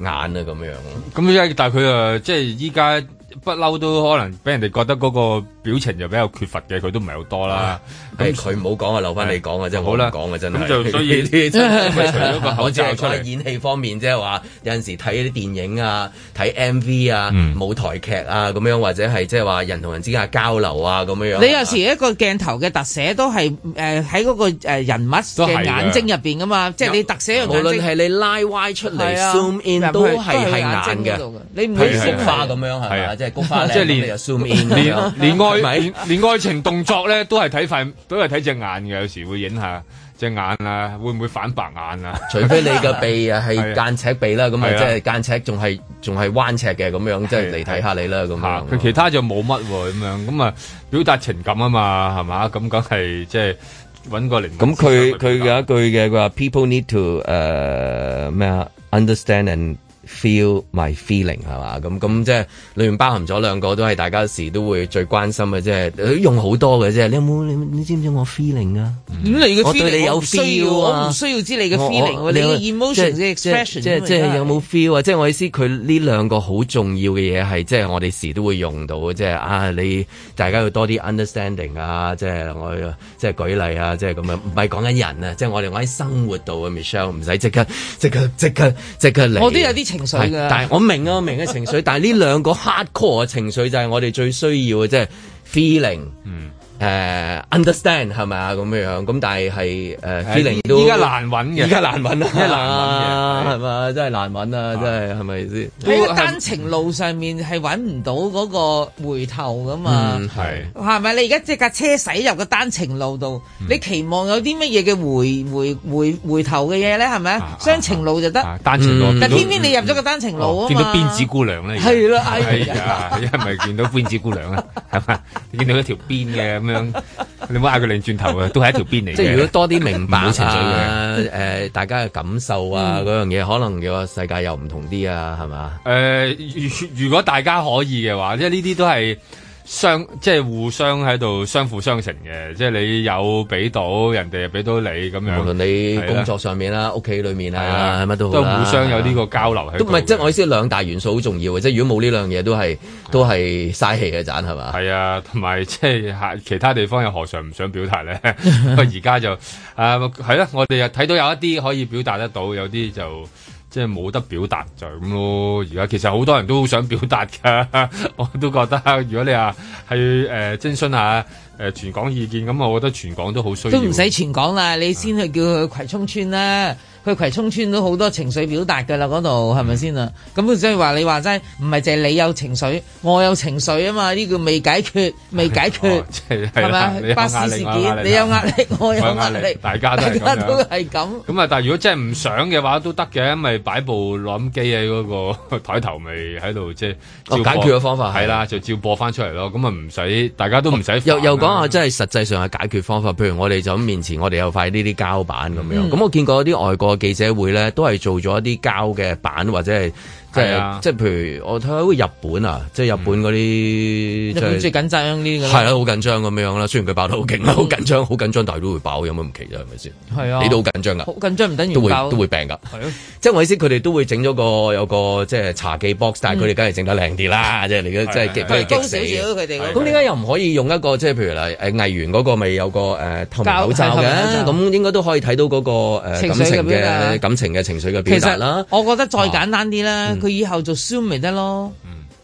眼啊咁樣咯、嗯。咁但係佢啊，即係依家。不嬲都可能俾人哋覺得嗰個表情就比較缺乏嘅，佢都唔係好多啦。佢、哎、佢唔好講啊，留翻你講嘅真係好難講嘅真係。所以 真 除咗個口罩出嚟，演戲方面即係話有陣時睇啲電影啊、睇 MV 啊、嗯、舞台劇啊咁樣或者係即係話人同人之間嘅交流啊咁樣樣、啊。你有時一個鏡頭嘅特寫都係誒喺嗰個人物嘅眼睛入邊噶嘛，即係你特寫個眼睛。無論係你拉歪出嚟、啊、zoom in 都係係眼嘅，你唔會色花咁樣係即係菊花靚，即係連連連愛連愛情動作咧，都係睇份，都係睇隻眼嘅。有時會影下隻眼啊，會唔會反白眼啊？除非你個鼻啊係間尺鼻啦，咁啊即係間尺仲係仲係彎尺嘅咁樣，即係嚟睇下你啦咁樣。佢其他就冇乜咁樣，咁啊表達情感啊嘛，係嘛？咁梗係即係搵個嚟。咁佢佢有一句嘅話，people need to 誒咩啊，understand and。Feel my feeling 係嘛？咁咁即係裏面包含咗兩個都係大家時都會最關心嘅，即係用好多嘅，即係你有冇你你知唔知我 feeling 啊？嗯、你嘅 feel、啊、feeling 你，你、就是，有，有 feel 啊！我唔需要知你嘅 feeling 你嘅 emotion 即係 expression 即係即係有冇 feel 啊？即係我意思，佢呢兩個好重要嘅嘢，係即係我哋時都會用到，即係啊你大家要多啲 understanding 啊！即係我即係舉例啊！即係咁樣唔係講緊人啊！即 係我哋我喺生活度嘅 Michelle 唔使即刻即刻即刻即刻嚟，啊。我都有啲。情緒，但係我明啊，我明嘅情緒，但係呢兩個 hard core 嘅情緒就係我哋最需要嘅，即係 feeling。嗯誒、uh,，understand 係咪、uh, 啊？咁樣樣，咁但係係誒，feeling 都依家難揾嘅，依家難揾啊，難啊，係嘛？真係難揾啊，真係，係咪先？喺單程路上面係揾唔到嗰個回頭噶嘛？係係咪？你而家即架車駛入個單程路度、嗯，你期望有啲乜嘢嘅回回回回頭嘅嘢咧？係咪？雙、啊、程路就得，啊、單程路、嗯，但偏偏、嗯、你入咗個單程路啊、嗯哦、見到辮子姑娘咧，係咯，係一係咪見到辮子姑娘啊？係 你見到一條邊嘅 你唔好嗌佢擰轉頭啊，都係一條邊嚟。即係如果多啲明白啊，誒、 呃，大家嘅感受啊，嗰樣嘢可能個世界又唔同啲啊，係嘛？誒、呃，如如果大家可以嘅話，即係呢啲都係。相即係互相喺度相輔相成嘅，即係你有俾到，人哋又俾到你咁樣。無論你工作上面啦、啊，屋企、啊、裏面啦、啊，乜、啊、都好、啊、都互相有呢個交流喺度、啊。都唔係，即係、就是、我意思，兩大元素好重要嘅，即係如果冇呢兩嘢，都係都係嘥氣嘅，盞係嘛？係啊，同埋即係吓，其他地方又何嘗唔想表達咧？不過而家就誒係啦，我哋又睇到有一啲可以表達得到，有啲就。即係冇得表達就咁咯，而家其實好多人都好想表達噶，我都覺得，如果你話係誒徵詢下誒、呃、全港意見，咁我覺得全港都好需要。都唔使全港啦，啊、你先去叫佢葵涌村啦。佢葵涌村都好多情緒表達㗎啦，嗰度係咪先啊？咁所以話你話齋，唔係淨係你有情緒，我有情緒啊嘛？呢個未解決，未解決，係 咪、哦就是、巴士事件，你有壓力，我有壓力，大家大家都係咁。咁啊，但係如果真係唔想嘅話，都得嘅，咪擺部錄音機喺嗰、那個台頭，咪喺度即係。哦，解決嘅方法係啦，就照播翻出嚟咯。咁啊，唔使大家都唔使、哦。又又講下真係實際上嘅解決方法，嗯、譬如我哋就面前，我哋有塊呢啲膠板咁、嗯、樣。咁我見過啲外國。記者會咧，都係做咗一啲膠嘅板或者係。 即係即係，譬如我睇下會日本啊，即係日本嗰啲最最緊張啲嘅，係啦，啊，好緊張咁樣啦。雖然佢爆得好勁啦，好、嗯、緊張，好緊張，但係都會爆，有乜唔奇啫？係咪先？係啊，你都好緊張㗎，好緊張唔等於都會都會病㗎，啊。即係我意思，佢哋都會整咗個有個即係茶記 box，但係佢哋梗係整得靚啲啦，即係，嗯、 你嘅即係激死少。佢哋咁點解又唔可以用一個即係譬如嗱誒，啊、藝員嗰個咪有個誒，啊、透明口罩嘅咁，啊，啊、應該都可以睇到嗰，那個,啊、感情嘅感情嘅情緒嘅表達啦。其實我覺得再簡單啲啦。啊啊嗯佢以後做 Zoom 咪得咯，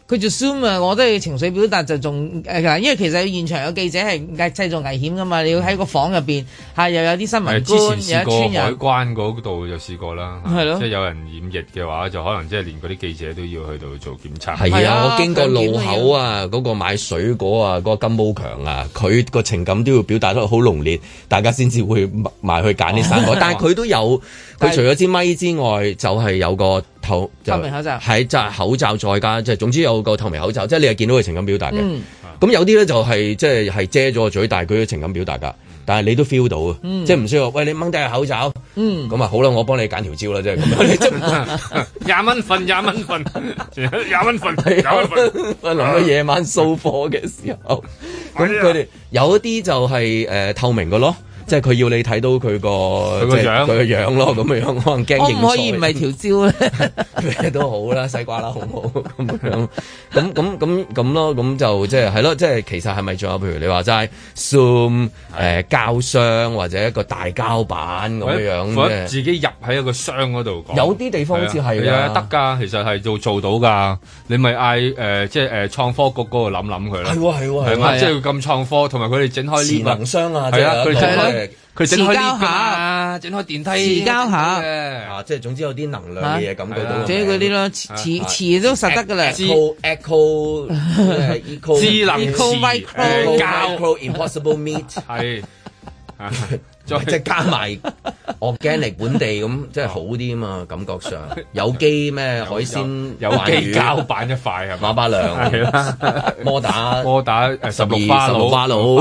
佢做 Zoom 啊，我都係情緒表達就仲因為其實現場有記者係製造危險噶嘛、嗯，你要喺個房入面，嚇、啊、又有啲新聞。之前試過海關嗰度就試過啦，即有人演繹嘅話，就可能即係連嗰啲記者都要去到做檢查。係啊，啊，我經過路口啊，嗰、啊那個買水果啊，嗰、那個金毛強啊，佢個情感都要表達得好濃烈，大家先至會埋去揀啲水果。但佢都有，佢除咗支咪，咪之外，就係、是、有個。透明口罩，係摘口罩再加，即係總之有個透明口罩，即、就、係、是、你係見到佢情感表達嘅。咁、嗯、有啲咧就係即係係遮咗個嘴大，但係佢嘅情感表達噶，但係你都 feel 到嘅，即係唔需要。喂，你掹低個口罩，咁、嗯、啊好啦，我幫你揀條蕉啦，即係咁樣，廿蚊份，廿蚊份，全係廿蚊份，係啊。咁臨到夜 晚掃貨嘅時候，咁佢哋有啲就係、是、誒、呃、透明嘅咯。即係佢要你睇到佢個佢個樣佢個樣咯咁樣樣，可能驚影錯。我唔可以唔係調焦咧，咩 都好啦，西瓜啦好唔好？咁咁咁咁咁咯，咁就即係係咯，即、就、係、是就是、其實係咪仲有？譬如你話齋 Zoom、呃、誒膠箱或者一個大膠板咁樣嘅，或者自己入喺一個箱嗰度。有啲地方好似係係得㗎，其實係做做到㗎。你咪嗌誒，即係誒創科局嗰度諗諗佢啦。係喎係喎，即係咁創科，同埋佢哋整開智、這個、能箱啊，係啊，佢哋佢整下啲，整開電梯，遲交下啊！即係總之有啲能量嘅嘢，感覺到，即係嗰啲啦，遲遲都實得噶啦。Echo，Echo，Echo，Echo，Impossible Meat，係， 再即係加埋 organic 本地咁，即係好啲啊嘛！感覺上、嗯、有機咩海鮮有機膠板一塊係馬巴良摩打摩打誒十六花佬。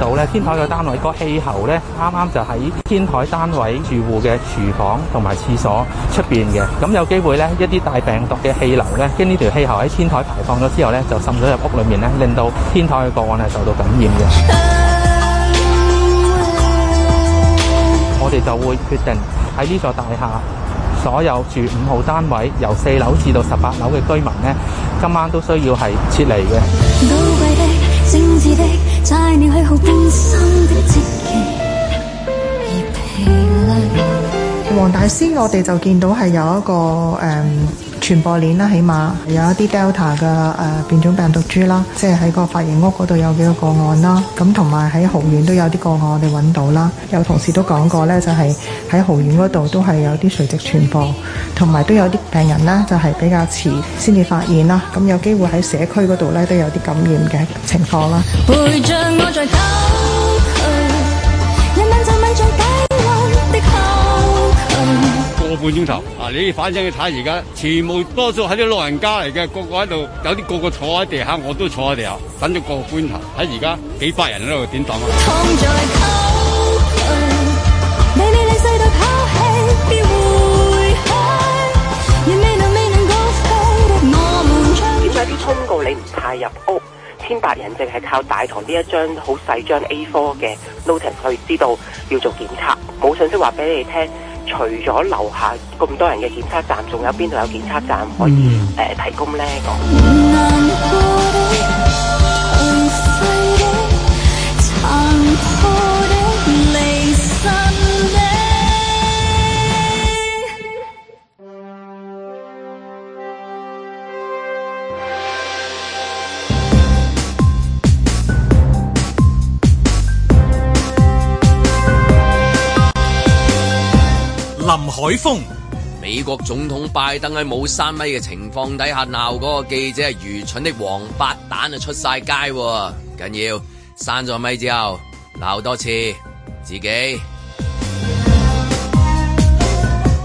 到咧天台嘅單位，個氣喉咧啱啱就喺天台單位住戶嘅廚房同埋廁所出邊嘅，咁有機會咧一啲帶病毒嘅氣流咧，經呢條氣喉喺天台排放咗之後咧，就滲咗入屋裡面咧，令到天台嘅個案係受到感染嘅。我哋就會決定喺呢座大廈所有住五號單位由四樓至到十八樓嘅居民咧，今晚都需要係撤離嘅。黃大仙，我哋就見到係有一個嗯，Um 傳播鏈啦，起碼有一啲 Delta 嘅誒變種病毒株啦，即係喺個髮型屋嗰度有幾個個案啦，咁同埋喺豪苑都有啲個案，我哋揾到啦。有同事都講過呢，就係喺豪苑嗰度都係有啲垂直傳播，同埋都有啲病人呢，就係比較遲先至發現啦。咁有機會喺社區嗰度呢，都有啲感染嘅情況啦。陪半鐘頭啊！你反正你睇而家，全部多數喺啲老人家嚟嘅，個個喺度，有啲個個坐喺地下，我都坐喺地下等咗個半鐘頭。喺而家幾百人喺度，點擋啊？躺在空虛，每每你世道拋棄，別回憶，亦未能未能高飛的我們。點解啲通告你唔派入屋，千百人淨係靠大堂呢一張好細張 A4 嘅 notice 去知道要做檢測，冇信息話俾你聽。除咗樓下咁多人嘅檢測站，仲有邊度有檢測站可以誒提供咧？咁、mm -hmm.？ 林海峰，美國總統拜登喺冇刪咪嘅情況底下鬧嗰個記者係愚蠢的王八蛋出啊，出晒街，緊要刪咗咪之後鬧多次自己。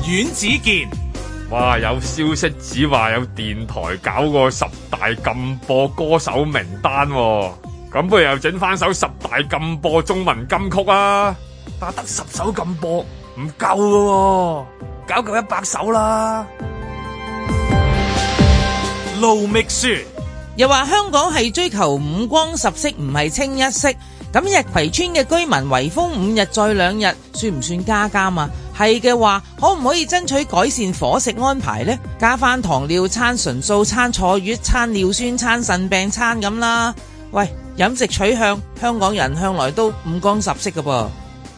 阮子健，哇有消息指話有電台搞個十大禁播歌手名單、啊，咁不如又整返首十大禁播中文金曲啊，打得十首禁播。唔夠喎，搞夠一百首啦。路秘書又話香港係追求五光十色，唔係清一色。咁日葵村嘅居民圍封五日再兩日，算唔算加監啊？係嘅話，可唔可以爭取改善伙食安排呢？加翻糖尿餐、純素餐、坐月餐、尿酸餐、腎病餐咁啦。喂，飲食取向，香港人向來都五光十色噶噃。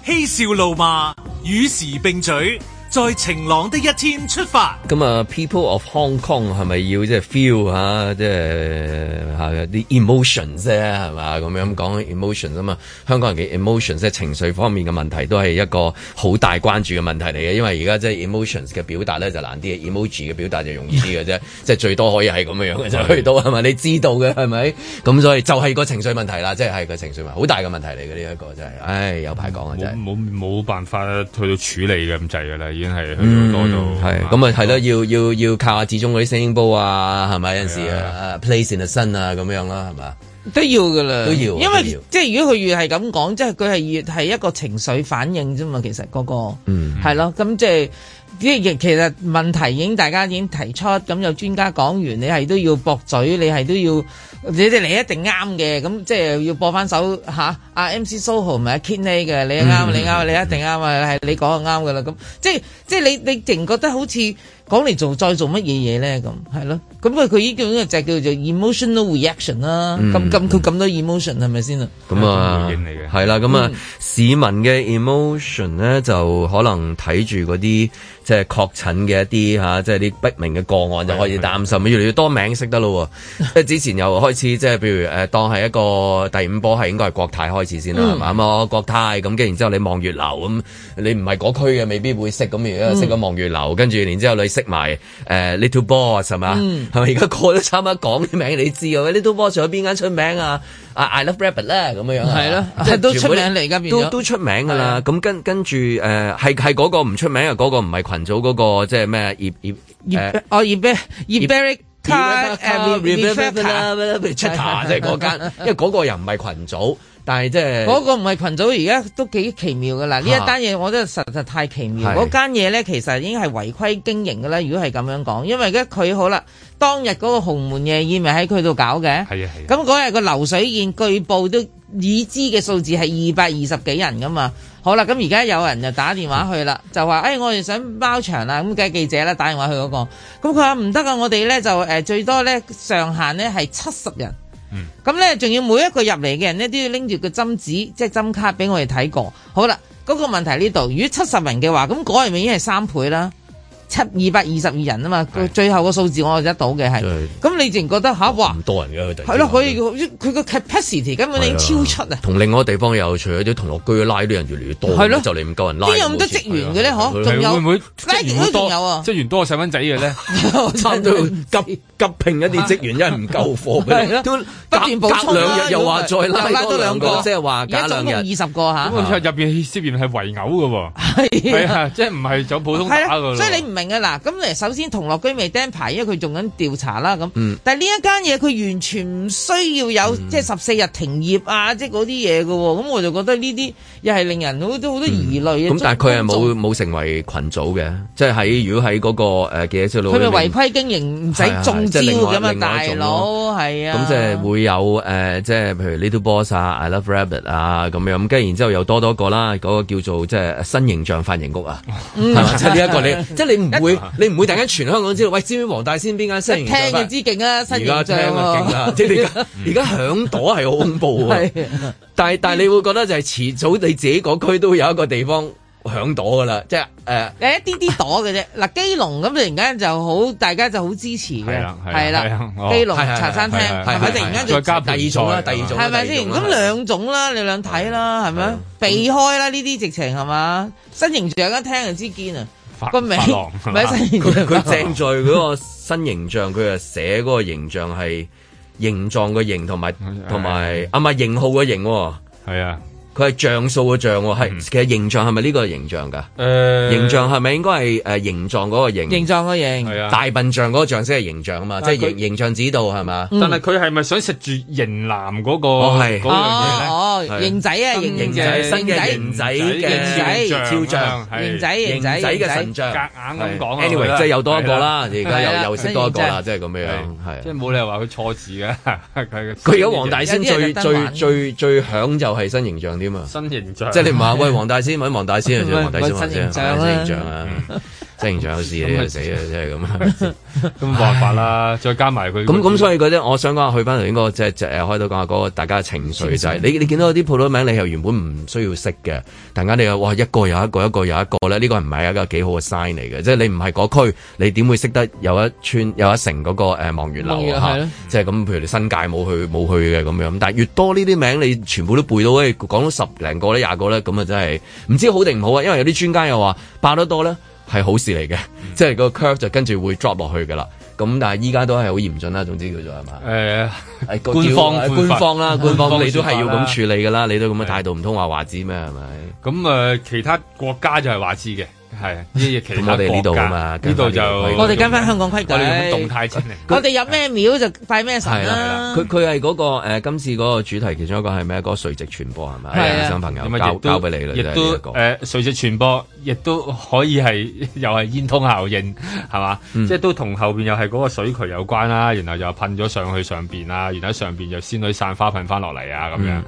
嬉笑怒罵。與時並進。在晴朗的一天出發，咁啊，People of Hong Kong 係咪要即係、就是、feel 下，啊？即係係啲 emotions 啫，係嘛咁樣講 emotions 啊、嗯、嘛？香港人嘅 emotions 即係情緒方面嘅問題，都係一個好大關注嘅問題嚟嘅。因為而家即係 emotions 嘅表達咧就難啲，emoji 嘅表達就容易啲嘅啫。即 係最多可以係咁樣樣嘅就去到係咪？你知道嘅係咪？咁所以就係個情緒問題啦，即係係個情緒問題，好大嘅問題嚟嘅呢一個真係、就是，唉，有排講啊，真係冇冇辦法去到處理嘅咁滯嘅啦。已經係去咗多咗，係咁啊，係咯，要要要靠阿志中嗰啲聲音煲啊，係咪有、uh, 陣時啊，plays in the sun 啊，咁樣咯，係嘛都要噶啦，都要，因為都要即係如果佢越係咁講，即係佢係越係一個情緒反應啫嘛，其實嗰、嗰個係咯，咁、嗯、即係。即其實問題已經大家已經提出，咁有專家講完，你係都要駁嘴，你係都要你哋你一定啱嘅，咁即係要播翻首，吓，阿 MC Soho 唔係阿 Kenny 嘅，你啱，你啱，你一定啱啊，係你講、嗯嗯嗯、就啱噶啦，咁即係即係你你淨覺得好似。講嚟做再做乜嘢嘢咧，咁係咯，咁佢佢依叫就叫做 emotional reaction 啦、啊，咁咁佢咁多 emotion 係咪先啊？咁、嗯、啊，係啦、啊，咁、嗯、啊市民嘅 emotion 咧就可能睇住嗰啲即係確診嘅一啲吓、啊，即係啲不明嘅個案、嗯、就開始擔心，嗯、越嚟越多名識得咯，即係、嗯、之前又開始即係譬如誒當係一個第五波係應該係國泰開始先啦，係、嗯、嘛？咁啊國泰咁，跟住然之後你望月樓咁，你唔係嗰區嘅未必會識，咁而家識咗望月樓，嗯、跟住然之後你。識埋誒 Little Boss 係嘛？係咪而家個都差唔多講啲名你知喎。Little Boss 有邊間出名啊？I Love Rabbit 啦，咁樣啊，係咯，都出名嚟㗎變咗，都出名㗎啦。咁跟跟住誒係係嗰個唔出名嗰個唔係群組嗰個即係咩？Eb Eb Oh Eb Eric Taylor Reflector Chita 即係嗰間，因為嗰個又唔係群組。但係即係嗰個唔係群組，而家都幾奇妙噶啦！呢、啊、一單嘢我都實在太奇妙。嗰間嘢咧其實已經係違規經營㗎啦。如果係咁樣講，因為而家佢好啦，當日嗰個鴻門夜宴已咪喺佢度搞嘅。係啊係。咁嗰日個流水宴據報都已知嘅數字係二百二十幾人噶嘛。好啦，咁而家有人就打電話去啦，就話：，誒、哎、我哋想包場啦。咁計記者呢，打電話去嗰、那個。咁佢話唔得啊，我哋咧就、呃、最多咧上限呢係七十人。噉呢，仲要每一個入嚟嘅人呢，都要拎住個針紙，即係針卡俾我哋睇過。好啦，嗰個問題呢度，如果七十人嘅話，咁嗰入已經係三倍啦。七二百二十二人啊嘛，最後個數字我就得到嘅係。咁你自然覺得吓、啊，哇咁多人嘅佢哋係咯，佢佢個 capacity 根本已經超出啊。同另外一個地方有，除咗啲同樂居拉啲人越嚟越多，係咯，就你唔夠人拉。邊有咁多職員嘅咧，嗬？仲、啊、有，有會唔會拉有啊。職員多啊，細蚊仔嘅咧，差 多急急聘一啲職員，因為唔夠貨俾你。兩日又話再拉多兩,兩個，即係話隔兩二十個咁入邊涉嫌係圍毆嘅喎。係即係唔係走普通你明啊嗱，咁你首先同樂居未釘牌，因為佢仲緊調查啦咁。但係呢一間嘢佢完全唔需要有即係十四日停業啊，即係嗰啲嘢嘅喎。咁我就覺得呢啲又係令人好多好多疑慮啊。咁、嗯、但係佢係冇冇成為群組嘅，即係喺如果喺嗰、那個誒記者出到，佢咪違規經營唔使中招咁啊、就是、大佬係啊。咁即係會有誒、呃、即係譬如 Little Boss 啊，I Love Rabbit 啊咁樣。咁跟住然之後又多多個啦，嗰、那個、叫做即係新形象髮型屋啊，係、嗯、嘛、嗯這個？即係呢一個你即係你。唔會 你唔會突然間全香港知道？喂，知唔知黃大仙邊間新型？聽之勁啊，新型而啊即係而家，而、嗯、家響朵係好恐怖 啊！但係但係，你會覺得就係遲早你自己嗰區都會有一個地方響朵噶啦，即係誒誒啲啲朵嘅啫。嗱、呃， 基隆咁突然間就好，大家就好支持嘅，係啦、啊啊啊啊哦，基隆茶餐廳係咪突然間再加第二種啦？第二種係咪先？咁兩種啦，你兩睇啦，係咪避開啦呢啲直情係嘛？新型住大家聽啊之堅啊！個名，佢佢 正在嗰個新形象，佢就寫嗰個形象係形狀嘅形，同埋同埋啊，唔係型號嘅型喎，係啊。佢係象數嘅象，係、嗯、其實形象係咪呢個形象㗎？誒、欸，形象係咪應該係誒形狀嗰個形？形狀嘅形、係啊，大笨象嗰個象先係形象啊嘛，即係形形象指導係嘛、嗯？但係佢係咪想食住型男嗰個？哦，係。哦哦、型仔啊，型仔，型仔形仔嘅形象超形仔形仔嘅形象。夾硬咁講 anyway 即係又多一個啦，而家又又食多一個啦，即係咁樣，係。即係冇理由話佢錯字嘅。佢而家黃大仙最最最最響就係新形象啲。新形象，即係你唔話喂，黃大仙揾黃大仙嚟做黃大仙，或大仙。形象啊。嗯 真係上有事，你死啊！真係咁，咁冇辦法啦。 再加埋佢咁咁，所以嗰啲我想講下，去翻頭先嗰即係即係開到講下嗰個大家嘅情緒就係你你見到啲鋪頭名，你又原本唔需要識嘅，突然間你又哇一個又一個，一個又一個咧，呢、這個唔係一個幾好嘅 sign 嚟嘅，即、就、係、是、你唔係嗰區，你點會識得有一村有一城嗰、那個望、呃、月樓即係咁，譬如你新界冇去冇去嘅咁樣，但係越多呢啲名你全部都背到，喂，講到十零個咧、廿個咧，咁啊真係唔知好定唔好啊。因為有啲專家又話爆得多咧。係好事嚟嘅、嗯，即係個 curve 就跟住會 drop 落去噶啦。咁但係依家都係好嚴峻啦、啊。總之叫做係嘛，誒、呃哎，那個， 官方官方啦，官方你都係要咁處理噶啦、啊，你都咁嘅態度唔通話話知咩係咪？咁誒、呃，其他國家就係話知嘅。係，咁我哋呢度嘛，呢度就我哋跟翻香港規矩。我哋有咩廟就拜咩神啦、啊。佢佢係嗰個、呃、今次嗰個主題其中一個係咩？嗰垂直傳播係咪？係啊，上朋友交交俾你啦，真係、就是這個呃、垂直傳播，亦都可以係又係煙通效應係嘛、嗯？即係都同後面又係嗰個水渠有關啦。然後又噴咗上去上面啊，然後上面又仙女散花噴翻落嚟啊咁樣。咁、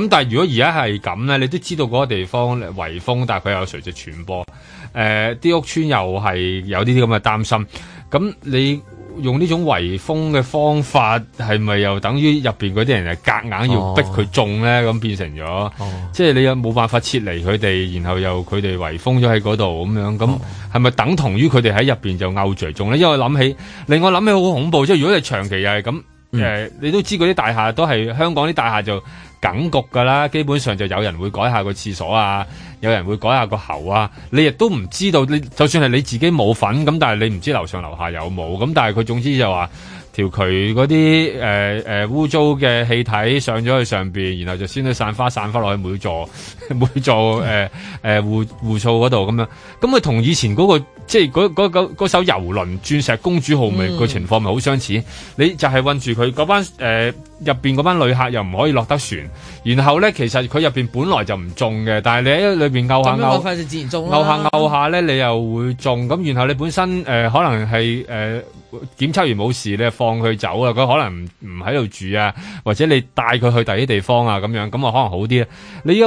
嗯、但係如果而家係咁咧，你都知道嗰個地方圍封，但佢又有垂直傳播。誒、呃、啲屋村又係有啲啲咁嘅擔心，咁你用呢種圍封嘅方法係咪又等於入面嗰啲人係夾硬要逼佢種咧？咁、哦、變成咗，哦、即係你又冇辦法撤離佢哋，然後又佢哋圍封咗喺嗰度咁樣，咁係咪等同於佢哋喺入面就勾住嚟種咧？因為我諗起，令我諗起好恐怖，即係如果你長期又係咁，呃嗯、你都知嗰啲大廈都係香港啲大廈就。梗局㗎啦，基本上就有人會改下個廁所啊，有人會改下個喉啊，你亦都唔知道你，就算係你自己冇份咁，但係你唔知樓上樓下有冇，咁但係佢總之就話。條渠嗰啲誒誒污糟嘅氣體上咗去上邊，然後就先去散花散花落去每座每座誒誒護護數嗰度咁樣。咁佢同以前嗰、嗰個即係嗰嗰個嗰艘遊輪《鑽石公主號》咪個情況咪好相似？嗯、你就係困住佢嗰班誒入邊嗰班旅客又唔可以落得船，然後咧其實佢入邊本來就唔中嘅，但係你喺裏邊嘔下嘔，勾下勾下咧你又會中。咁然後你本身誒、呃、可能係誒。呃檢測完冇事咧，你放佢走啊！佢可能唔唔喺度住啊，或者你帶佢去第啲地方啊，咁樣咁啊，可能好啲啊！你一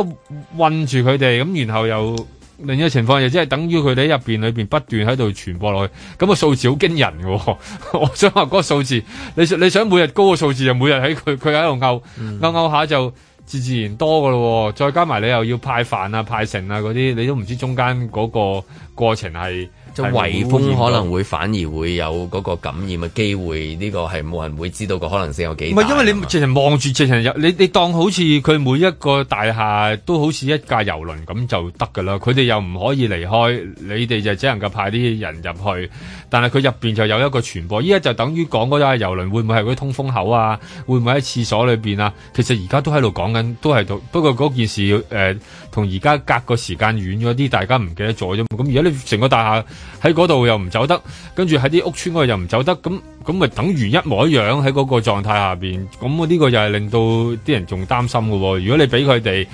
困住佢哋，咁然後又另一個情況，就是，又即係等於佢哋喺入邊裏邊不斷喺度傳播落去，咁，那個數字好驚人喎，哦。我想話嗰個數字，你想你想每日高個數字，就每日喺佢佢喺度勾勾勾下就自自然多噶咯，哦。再加埋你又要派飯啊，派剩啊嗰啲，你都唔知中間嗰個過程係。即係圍封可能會反而會有嗰個感染嘅機會，呢個係冇人會知道個可能性有幾大。唔係因為你直情望住直情入，你你當好似佢每一個大廈都好似一架遊輪咁就得㗎啦。佢哋又唔可以離開，你哋就只能夠派啲人入去。但係佢入面就有一個傳播，依家就等於講嗰架遊輪會唔會係嗰啲通風口啊？會唔會喺廁所裏面啊？其實而家都喺度講緊，都係到不過嗰件事要誒。呃同而家隔個時間遠咗啲，大家唔記得咗啫。咁而家你成個大廈喺嗰度又唔走得，跟住喺啲屋村嗰度又唔走得，咁咁咪等於一模一樣喺嗰個狀態下邊。咁我呢個又係令到啲人仲擔心嘅。如果你俾佢哋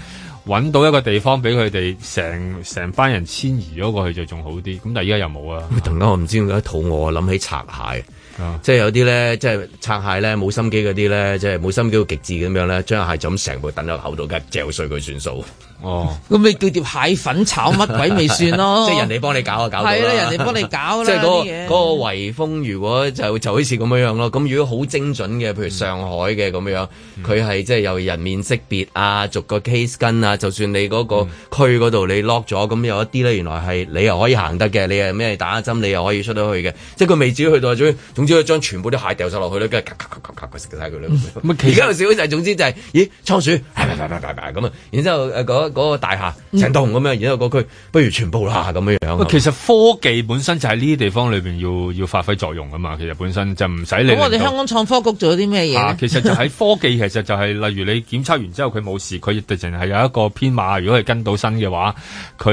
搵到一個地方俾佢哋，成成班人遷移咗過去就仲好啲。咁但係而家又冇啊。等等我唔知點解肚餓啊，諗起拆蟹，啊、即係有啲咧，即係拆蟹咧冇心機嗰啲咧，即係冇心機到極致咁樣咧，將蟹就咁成部等咗口度吉嚼碎佢算數。哦，咁你叫碟蟹粉炒乜鬼未算咯，即 係人哋幫你搞啊搞，就搞就。係啦，人哋幫你搞啦。即係嗰個嗰、那個圍封如果就就好似咁樣樣咯。咁如果好精準嘅，譬如上海嘅咁樣，佢係即係有人面識別啊，逐個 case 跟啊，就算你嗰個區嗰度你 lock 咗，咁、嗯、有一啲咧，原來係你又可以行得嘅，你又咩打針，你又可以出得去嘅。即係佢未至於去到，總之佢將全部啲蟹掉晒落去咧，跟住咔咔咔咔咔食晒佢啦。而家就少啲，就係總之就係，咦倉鼠，咁啊，然之後嗰。嗰、那個大廈成棟咁樣，然後嗰區不如全部啦咁樣。其實科技本身就喺呢啲地方裏面要要發揮作用噶嘛。其實本身就唔使你。咁我哋香港創科局做咗啲咩嘢？其實就喺科技， 其實就係、是、例如你檢測完之後佢冇事，佢亦都淨係有一個編碼。如果佢跟到新嘅話，佢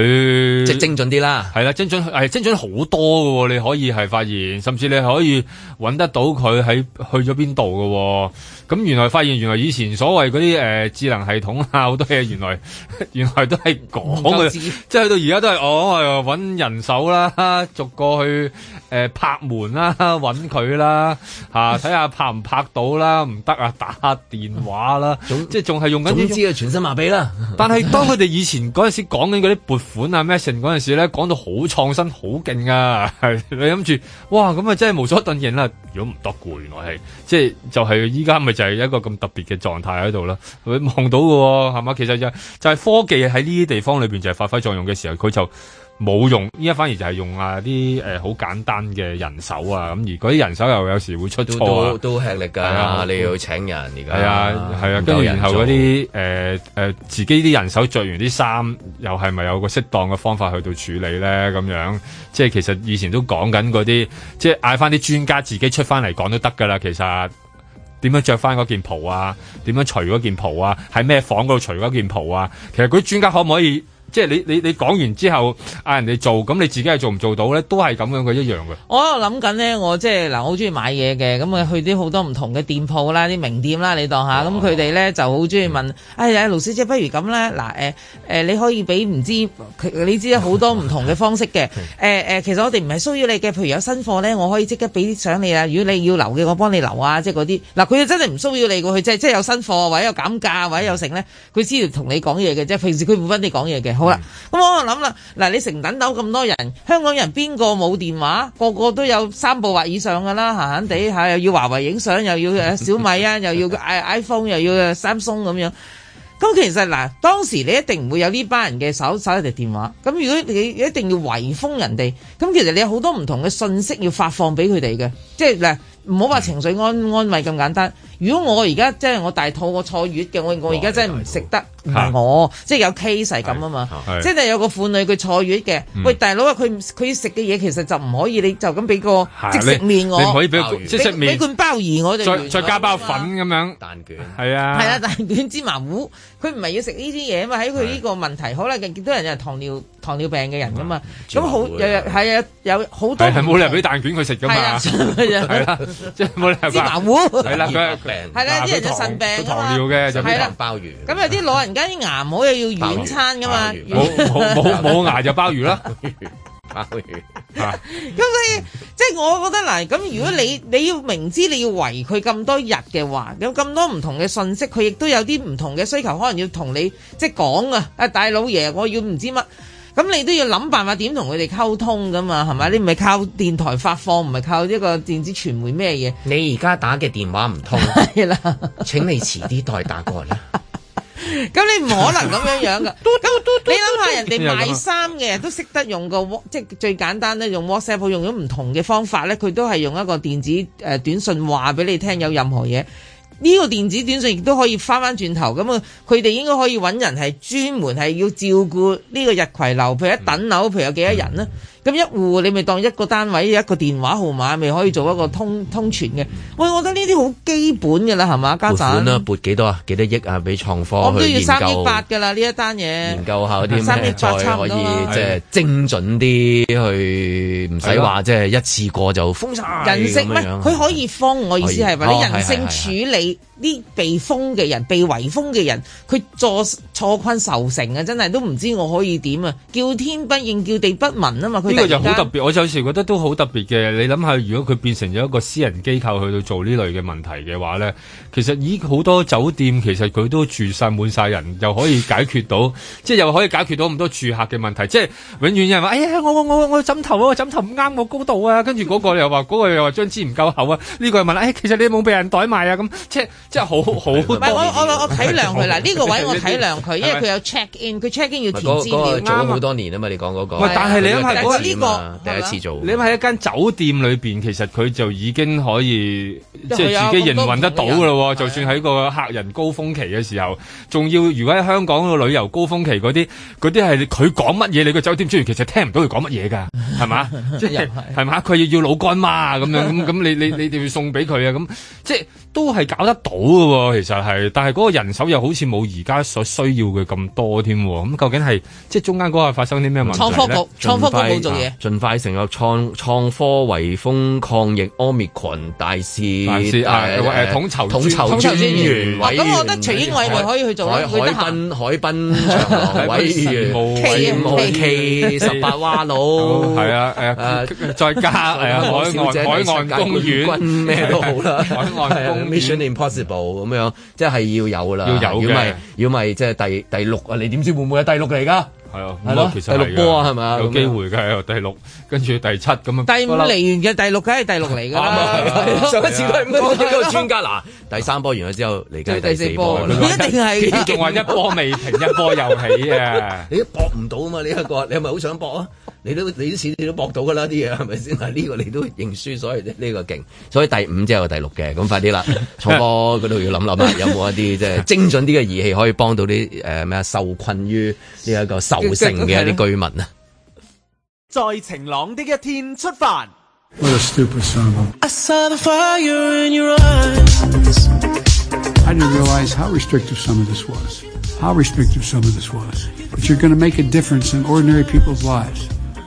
即、就是、精準啲啦。係啦、啊，精準係、啊、精準好多噶喎、哦。你可以係發現，甚至你可以搵得到佢喺去咗邊度噶。咁原來發現原來以前所謂嗰啲誒智能系統啊好多嘢原來。 原來都係講、嗯、即係去到而家都係哦，揾人手啦，逐個去誒、呃、拍門啦，揾佢啦，吓睇下拍唔拍到啦，唔得啊，打電話啦， 即係仲係用緊啲紙啊，總之全身麻痹啦。 但係當佢哋以前嗰陣時講緊嗰啲撥款啊、message 嗰陣時咧，講到好創新、好勁噶，你諗住哇咁啊真係無所遁形啦！如果唔多攰，原來係即係就係依家咪就係一個咁特別嘅狀態喺度啦。佢望到嘅係嘛，其實就係、就係、是科技喺呢啲地方裏邊就係發揮作用嘅時候，佢就冇用。依家，反而就係用啊啲誒，好簡單嘅人手啊，咁而嗰啲人手又有時會出錯，啊，都吃力噶、啊。你要請人而家係啊係啊，跟住、啊、然後嗰啲誒誒自己啲人手着完啲衫，又係咪有個適當嘅方法去到處理咧？咁樣即係其實以前都講緊嗰啲，即係嗌翻啲專家自己出翻嚟講都得噶啦，其實。點樣着返嗰件袍啊？點樣除嗰件袍啊？喺咩房度除嗰件袍啊？其實嗰啲專家可唔可以？即係你你你講完之後嗌、啊、人哋做，咁你自己係做唔做到咧？都係咁樣，嘅一樣嘅。我喺度諗緊咧，我即係嗱，我好中意買嘢嘅，咁啊去啲好多唔同嘅店鋪啦，啲名店啦，你當下。咁佢哋咧就好中意問、啊，哎呀，盧小姐不如咁咧，嗱誒誒，你可以俾唔知你知好多唔同嘅方式嘅，誒、啊、誒、呃，其實我哋唔係騷擾你嘅，譬如有新貨咧，我可以即刻俾啲相你啊。如果你要留嘅，我幫你留啊，即係嗰啲嗱，佢真係唔騷擾你嘅，去。即係即係有新貨或者有減價或者有成咧，佢先同你講嘢嘅即啫。平時佢唔會你講嘢嘅。 好啦，咁我就諗啦，嗱，你成等樓咁多人，香港人邊個冇電話？個個都有三部或以上噶啦，閒閒哋，吓又要華為影相，又要誒小米啊，又要， 要 iPhone 又要 Samsung 咁樣。咁其實嗱，當時你一定唔會有呢班人嘅手手提條電話。咁如果你一定要圍封人哋，咁其實你有好多唔同嘅信息，要發放俾佢哋嘅，即係嗱，唔好話情緒安安慰咁簡單。如果我而家即係我大肚我坐月嘅，我我而家真係唔食得，唔係我，即係有 case 咁啊嘛，即係有,有個婦女佢坐月嘅，喂大佬啊，佢佢食嘅嘢其實就唔可以，你就咁俾個即食麵我，你,你可以俾即食麵，俾罐鮑魚我哋再加包粉咁樣蛋卷，係啊，係啊蛋卷芝麻糊，佢唔係要食呢啲嘢啊嘛，喺佢呢個問題，可能更到人有糖尿糖尿病嘅人噶嘛，咁好又啊有好多係冇理由俾蛋卷佢食噶嘛，即係冇人俾芝麻糊，係啦係啦，啲人糖糖尿就腎病嘅，就係啦，鮑魚。咁有啲老人家啲牙唔好又要軟餐噶嘛，冇冇冇牙就鮑魚啦， 鮑魚。咁所以即係我覺得嗱，咁、 啊 嗯、 如果你你要明知你要圍佢咁多日嘅話，有咁多唔同嘅信息，佢亦都有啲唔同嘅需求，可能要同你即係講啊，啊大老爺，我要唔知乜。咁你都要諗辦法點同佢哋溝通噶嘛，係咪？你唔係靠電台發放，唔係靠一個電子傳媒咩嘢？你而家打嘅電話唔通啦， 請你遲啲再打過啦。咁 你唔可能咁樣樣噶， 你諗下人哋賣衫嘅都識得用個即係最簡單咧，用 WhatsApp，用咗唔同嘅方法咧，佢都係用一個電子誒短信話俾你聽，有任何嘢。呢個電子短信亦都可以翻翻轉頭，咁啊佢哋應該可以揾人係專門係要照顧呢個日葵樓，譬如一等樓，譬如有幾多人呢？咁一戶你咪當一個單位一個電話號碼咪可以做一個通通傳嘅。喂，我覺得呢啲好基本噶啦，係嘛？家陣，撥幾多啊？幾多億啊？俾創、啊、科嘢研究，我研究，一研究一下啲咩三億八，可以即係、就是、精準啲去，唔使話即係一次過就封晒。人性乜？佢可以封，我意思係話你人性處理。哦啲被封嘅人，被圍封嘅人，佢坐坐困愁城啊！真係都唔知我可以點啊！叫天不應，叫地不聞吖嘛，佢、這、呢個就好特別。我有時覺得都好特別嘅。你諗下，如果佢變成咗一個私人機構去到做呢類嘅問題嘅話咧，其實依好多酒店其實佢都住晒滿晒人，又可以解決到， 即係又可以解決到咁多住客嘅問題。即係永遠有人話：哎呀，我我我我枕頭啊，我枕頭唔啱我高度啊！跟住嗰個又話嗰個又話張牀唔夠厚啊！呢、這個又問啦、哎：其實你有冇被人袋買啊咁即係即係好好，唔係我我我體諒佢啦。呢 個位我體諒佢，因為佢有 check in，佢 check in 要填資料。嗰個嗰個、做咗好多年啊嘛，你講嗰、嗰個。但係你諗下，呢、啊、個第一次，啊第一次，啊、第一次做。你喺一間酒店裏邊，其實佢就已經可以、啊、即係自己營運得到噶啦。就算喺個客人高峰期嘅時候，仲、啊、要如果喺香港個旅遊高峰期嗰啲嗰啲係佢講乜嘢，你個酒店專員其實聽唔到佢講乜嘢㗎，係 嘛？即係係嘛？佢要要老乾媽咁 樣咁咁，你你你哋要送俾佢啊？咁即係。都係搞得到㗎喎，其實係，但係嗰個人手又好似冇而家所需要嘅咁多添，咁、嗯、究竟係即係中間嗰個發生啲咩問題，創科局創科局做嘢，盡快成立創創科圍封抗疫 Omicron 大事，大事誒、啊啊啊、統籌專員。咁、啊啊、我覺得除咗外圍可以去做去海去得海海濱海濱長廊委員， 委員，十八哇佬，係啊誒、啊，再加誒海岸海岸公園咩都好啦，海岸公 Mission impossible 咁樣，即係要有噶啦，要有嘅。要咪要咪，即係第第六啊！你點知會唔會係第六嚟噶？係啊，係咯，其實第六波啊，係咪啊？有機會㗎，有第，第六，跟住第七咁啊。第五嚟完嘅，第六梗係第六嚟㗎。上一次佢五波嘅專家嗱，第三波完咗之後嚟緊第四波，四波你一定係。仲話一,一波未停， 一波又起啊！ 你都搏唔到啊嘛？呢、這、一個，你係咪好想搏啊？你都你啲錢你都搏到㗎啦啲嘢，係咪先？係呢、呢個你都認輸，所以呢個勁。所以第五之後第六嘅咁快啲啦，錯波嗰度要諗諗啊， 有冇一啲即係精準啲嘅儀器可以幫到啲誒咩啊？受困於呢一個受性嘅一啲居民啊！在、okay. 晴朗的一天出發。What a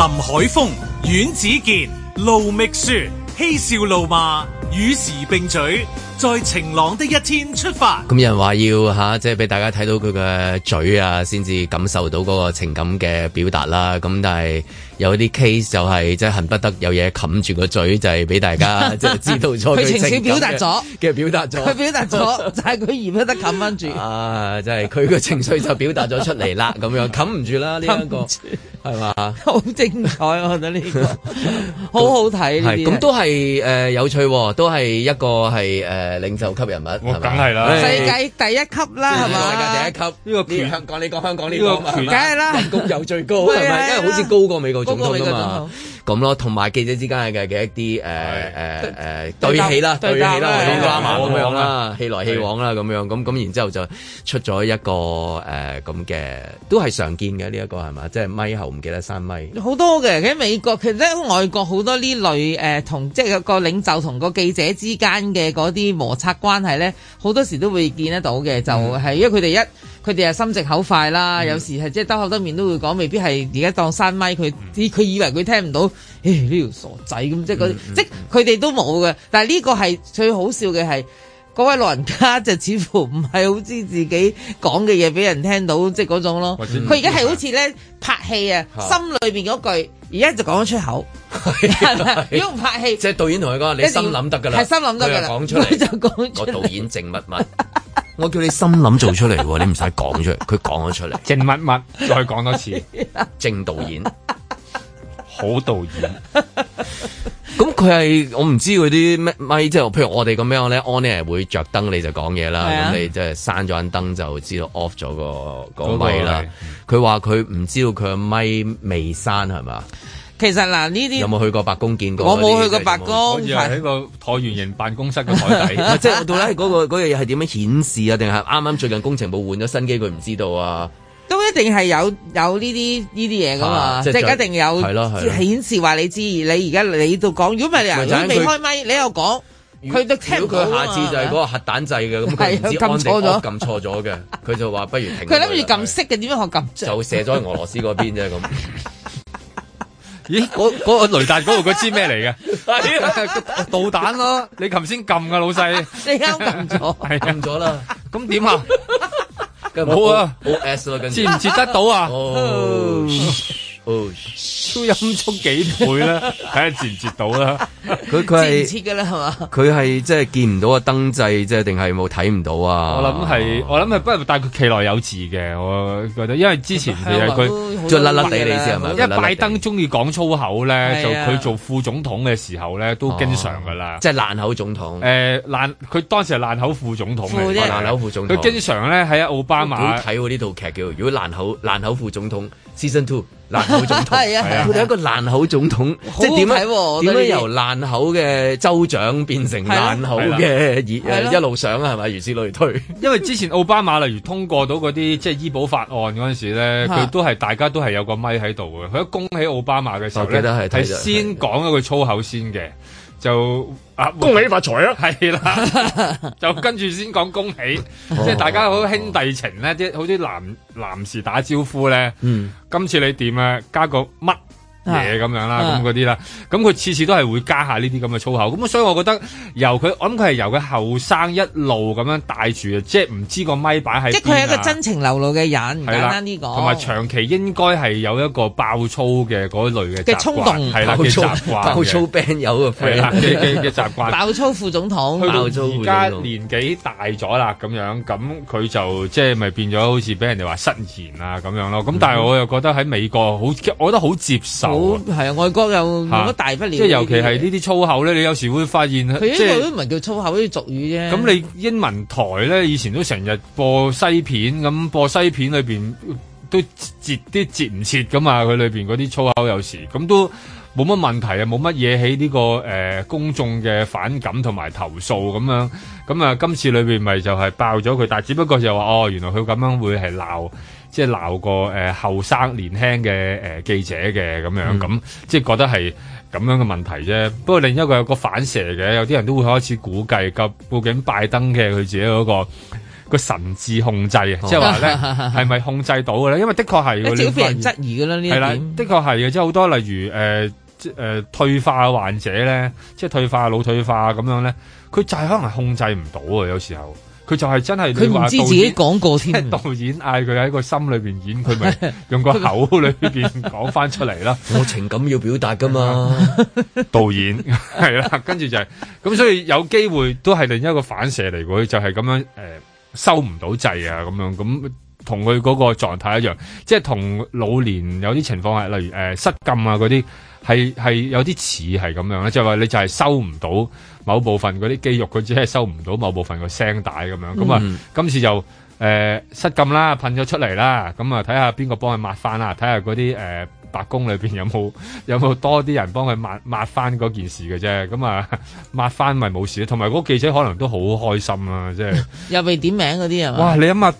林海峰、阮子健、盧覓雪，嬉笑怒罵，與時並嘴，在晴朗的一天出發。咁有人話要吓，即係俾大家睇到佢嘅嘴啊，先至感受到嗰個情感嘅表達啦。咁但係。有啲 case 就係即係恨不得有嘢冚住個嘴，就係、是、俾大家即係知道咗佢情緒表達咗，嘅 表達咗，佢表達咗，就係、是、佢而不得冚翻住 啊！就係佢個情緒就表達咗出嚟啦，咁 樣冚唔住啦呢一個係嘛？好精彩、啊，我覺得呢個 好好睇。咁都係、呃、有趣、啊，都係一個係、呃、領袖級人物，梗係啦，世界第一級啦，係咪世界第一級？呢、呢個呢香港，你講香港呢個，梗係啦，工 有最高係咪、 啊啊？因為好似高過美國。咁咯，同埋記者之間嘅嘅一啲誒誒誒對氣啦、呃，對氣啦，互咁樣啦，氣來氣往啦，咁樣咁咁，然之後就出咗一個誒咁嘅，都係常見嘅呢一個係嘛？即係咪後唔記得閂咪？好多嘅，喺美國其實咧外國好多呢類誒，同即係個領袖同個記者之間嘅嗰啲摩擦關係咧，好多時都會見得到嘅，就係因為佢哋一。佢哋係心直口快啦，嗯、有時係即係兜口兜面都會講，未必係而家當山咪。佢，佢、嗯、以為佢聽唔到，呢條傻仔咁，即係、嗯、即佢哋、嗯、都冇嘅。但係呢個係最好笑嘅係嗰位老人家就似乎唔係好知自己講嘅嘢俾人聽到，即係嗰種咯。佢而家係好似咧拍戲啊，心裏面嗰句而家就講咗出口，如果唔拍戲，即、就、係、是、導演同佢講，你心諗得㗎啦，係心諗得㗎啦，佢就講出嚟，我導演靜默默。 我叫你心諗做出嚟，你唔使講出嚟。佢講咗出嚟，靜乜乜，再講多次， 正導演， 好導演。咁佢係，我唔知佢啲咩咪，即係譬如我哋咁樣咧，on air 係會着燈，你就講嘢啦。咁、啊、你即係閂咗眼燈，就知道 off 咗、嗰個、嗰個麥啦。佢話佢唔知道佢個咪未閂係嘛？其實嗱，呢啲有冇去過白宮見過？我冇去過白宮，好似係喺個橢圓形辦公室嘅台底， 不是 即係到底嗰、嗰個嗰樣嘢係點樣顯示啊？定係啱啱最近工程部換咗新機，佢唔知道啊？都一定係有有呢啲呢啲嘢噶嘛？即係一定有顯示話你知，你而家你度講，如果唔係你未開咪你又講佢都聽講、啊。如佢下次就係嗰個核彈制嘅，咁佢唔知按錯咗，按錯咗嘅，佢 就話不如停。佢諗住撳熄嘅，點樣學撳？就射咗去俄羅斯嗰邊啫咁。 咦，嗰 嗰個雷彈嗰度嗰支咩嚟㗎？ 導彈咯、啊，你琴先撳㗎老細，啱撳咗，撳 咗、啊、啦。咁 點 啊？好啊，O S 咯，接唔接得到啊？ oh. 哦，超音速幾倍啦？睇 下截唔截到啦。佢佢係截嘅啦，係嘛？佢係即係見唔到個燈掣，即係定係冇睇唔到啊？我諗係、啊，我諗係，不過大佢期內有字嘅，我覺得，因為之前佢即係甩甩地你知係咪？因為、啊、拜登中意講粗口咧，就佢做副總統嘅時候咧、啊、都經常㗎啦、啊。即係爛口總統。誒、呃、爛，佢當時係爛口副總統嘅，爛口副總統佢經常咧喺奧巴馬。睇喎！呢套劇叫如果爛口爛口副總統。副就是啊 Season Two 爛口總統，佢 哋、啊啊、一個爛口總統， 即點解？點、哦、樣由爛口嘅州長變成爛口嘅二、啊啊？一路上啊，係咪？如此類推。因為之前奧巴馬例如通過到嗰啲即係醫保法案嗰陣時咧，佢都係大家都係有個咪喺度嘅。佢一恭喜奧巴馬嘅時候咧，係先講一句粗口先嘅。就啊恭喜發財啊，係啦， 就跟住先講恭喜， 即係大家好兄弟情咧，即 係好似男男士打招呼咧，嗯，今次你點啊？加個乜？嘢咁樣啦，咁嗰啲啦，咁佢次次都係會加下呢啲咁嘅粗口，咁所以我覺得由佢，我諗佢係由佢後生一路咁樣帶住，即係唔知個咪擺喺。即佢係一個真情流露嘅人，唔簡單呢個。同埋長期應該係有一個爆粗嘅嗰類嘅嘅衝動，啦爆粗嘅習， 習慣。爆粗 band 友嘅。係嘅嘅嘅爆粗副總統，而家年紀大咗啦，咁樣咁佢就即係咪變咗好似俾人哋話失言啊咁樣咯？咁、嗯、但係我又覺得喺美國好，我覺得好接受。好係啊，外國又冇乜、啊、大不了。即係尤其係呢啲粗口咧，你有時會發現，即係都唔係叫粗口，啲俗語啫。咁你英文台咧，以前都成日播西片，咁播西片裏邊都截啲截唔切噶嘛？佢裏邊嗰啲粗口有時，咁都冇乜問題啊，冇乜嘢起呢、呢個誒、呃、公眾嘅反感同埋投訴咁樣。咁啊，今次裏邊咪就係爆咗佢，但係只不過就話哦，原來佢咁樣會係鬧。即係鬧個誒後生年輕嘅誒、呃、記者嘅咁樣，咁即係覺得係咁樣嘅問題啫。不過另一個有一個反射嘅，有啲人都會開始估計究竟拜登嘅佢自己嗰、嗰個神智控制，即係話咧係咪控制到嘅咧？因為的確係一直都被人質疑嘅啦。呢一點係啦，的確係嘅，即係好多例如誒誒、呃呃、退化嘅患者咧，即係退化、腦退化咁樣咧，佢就係可能控制唔到啊，有時候。佢就係真係佢唔知自己講過先，導演嗌佢喺個心裏邊演，佢咪用個口裏邊講翻出嚟啦。我情感要表達噶嘛，導演係啦，跟住就係咁，所以有機會都係另一個反射嚟，佢就係咁樣誒收唔到掣啊咁樣，咁同佢嗰個狀態一樣，即係同老年有啲情況係，例如誒失禁啊嗰啲，係係有啲似係咁樣咧，即係話你就係收唔到。某部分嗰啲肌肉，佢只係收唔到某部分個聲帶咁樣，咁、嗯、啊，今次就誒、呃、失禁啦，噴咗出嚟啦，咁啊，睇下邊個幫佢抹翻啦，睇下嗰啲誒白宮裏邊有冇有冇多啲人幫佢抹抹翻嗰件事嘅啫，咁啊抹翻，咪冇事，同埋嗰個記者可能都好開心啊。即係 又被點名嗰啲啊，哇！你諗下，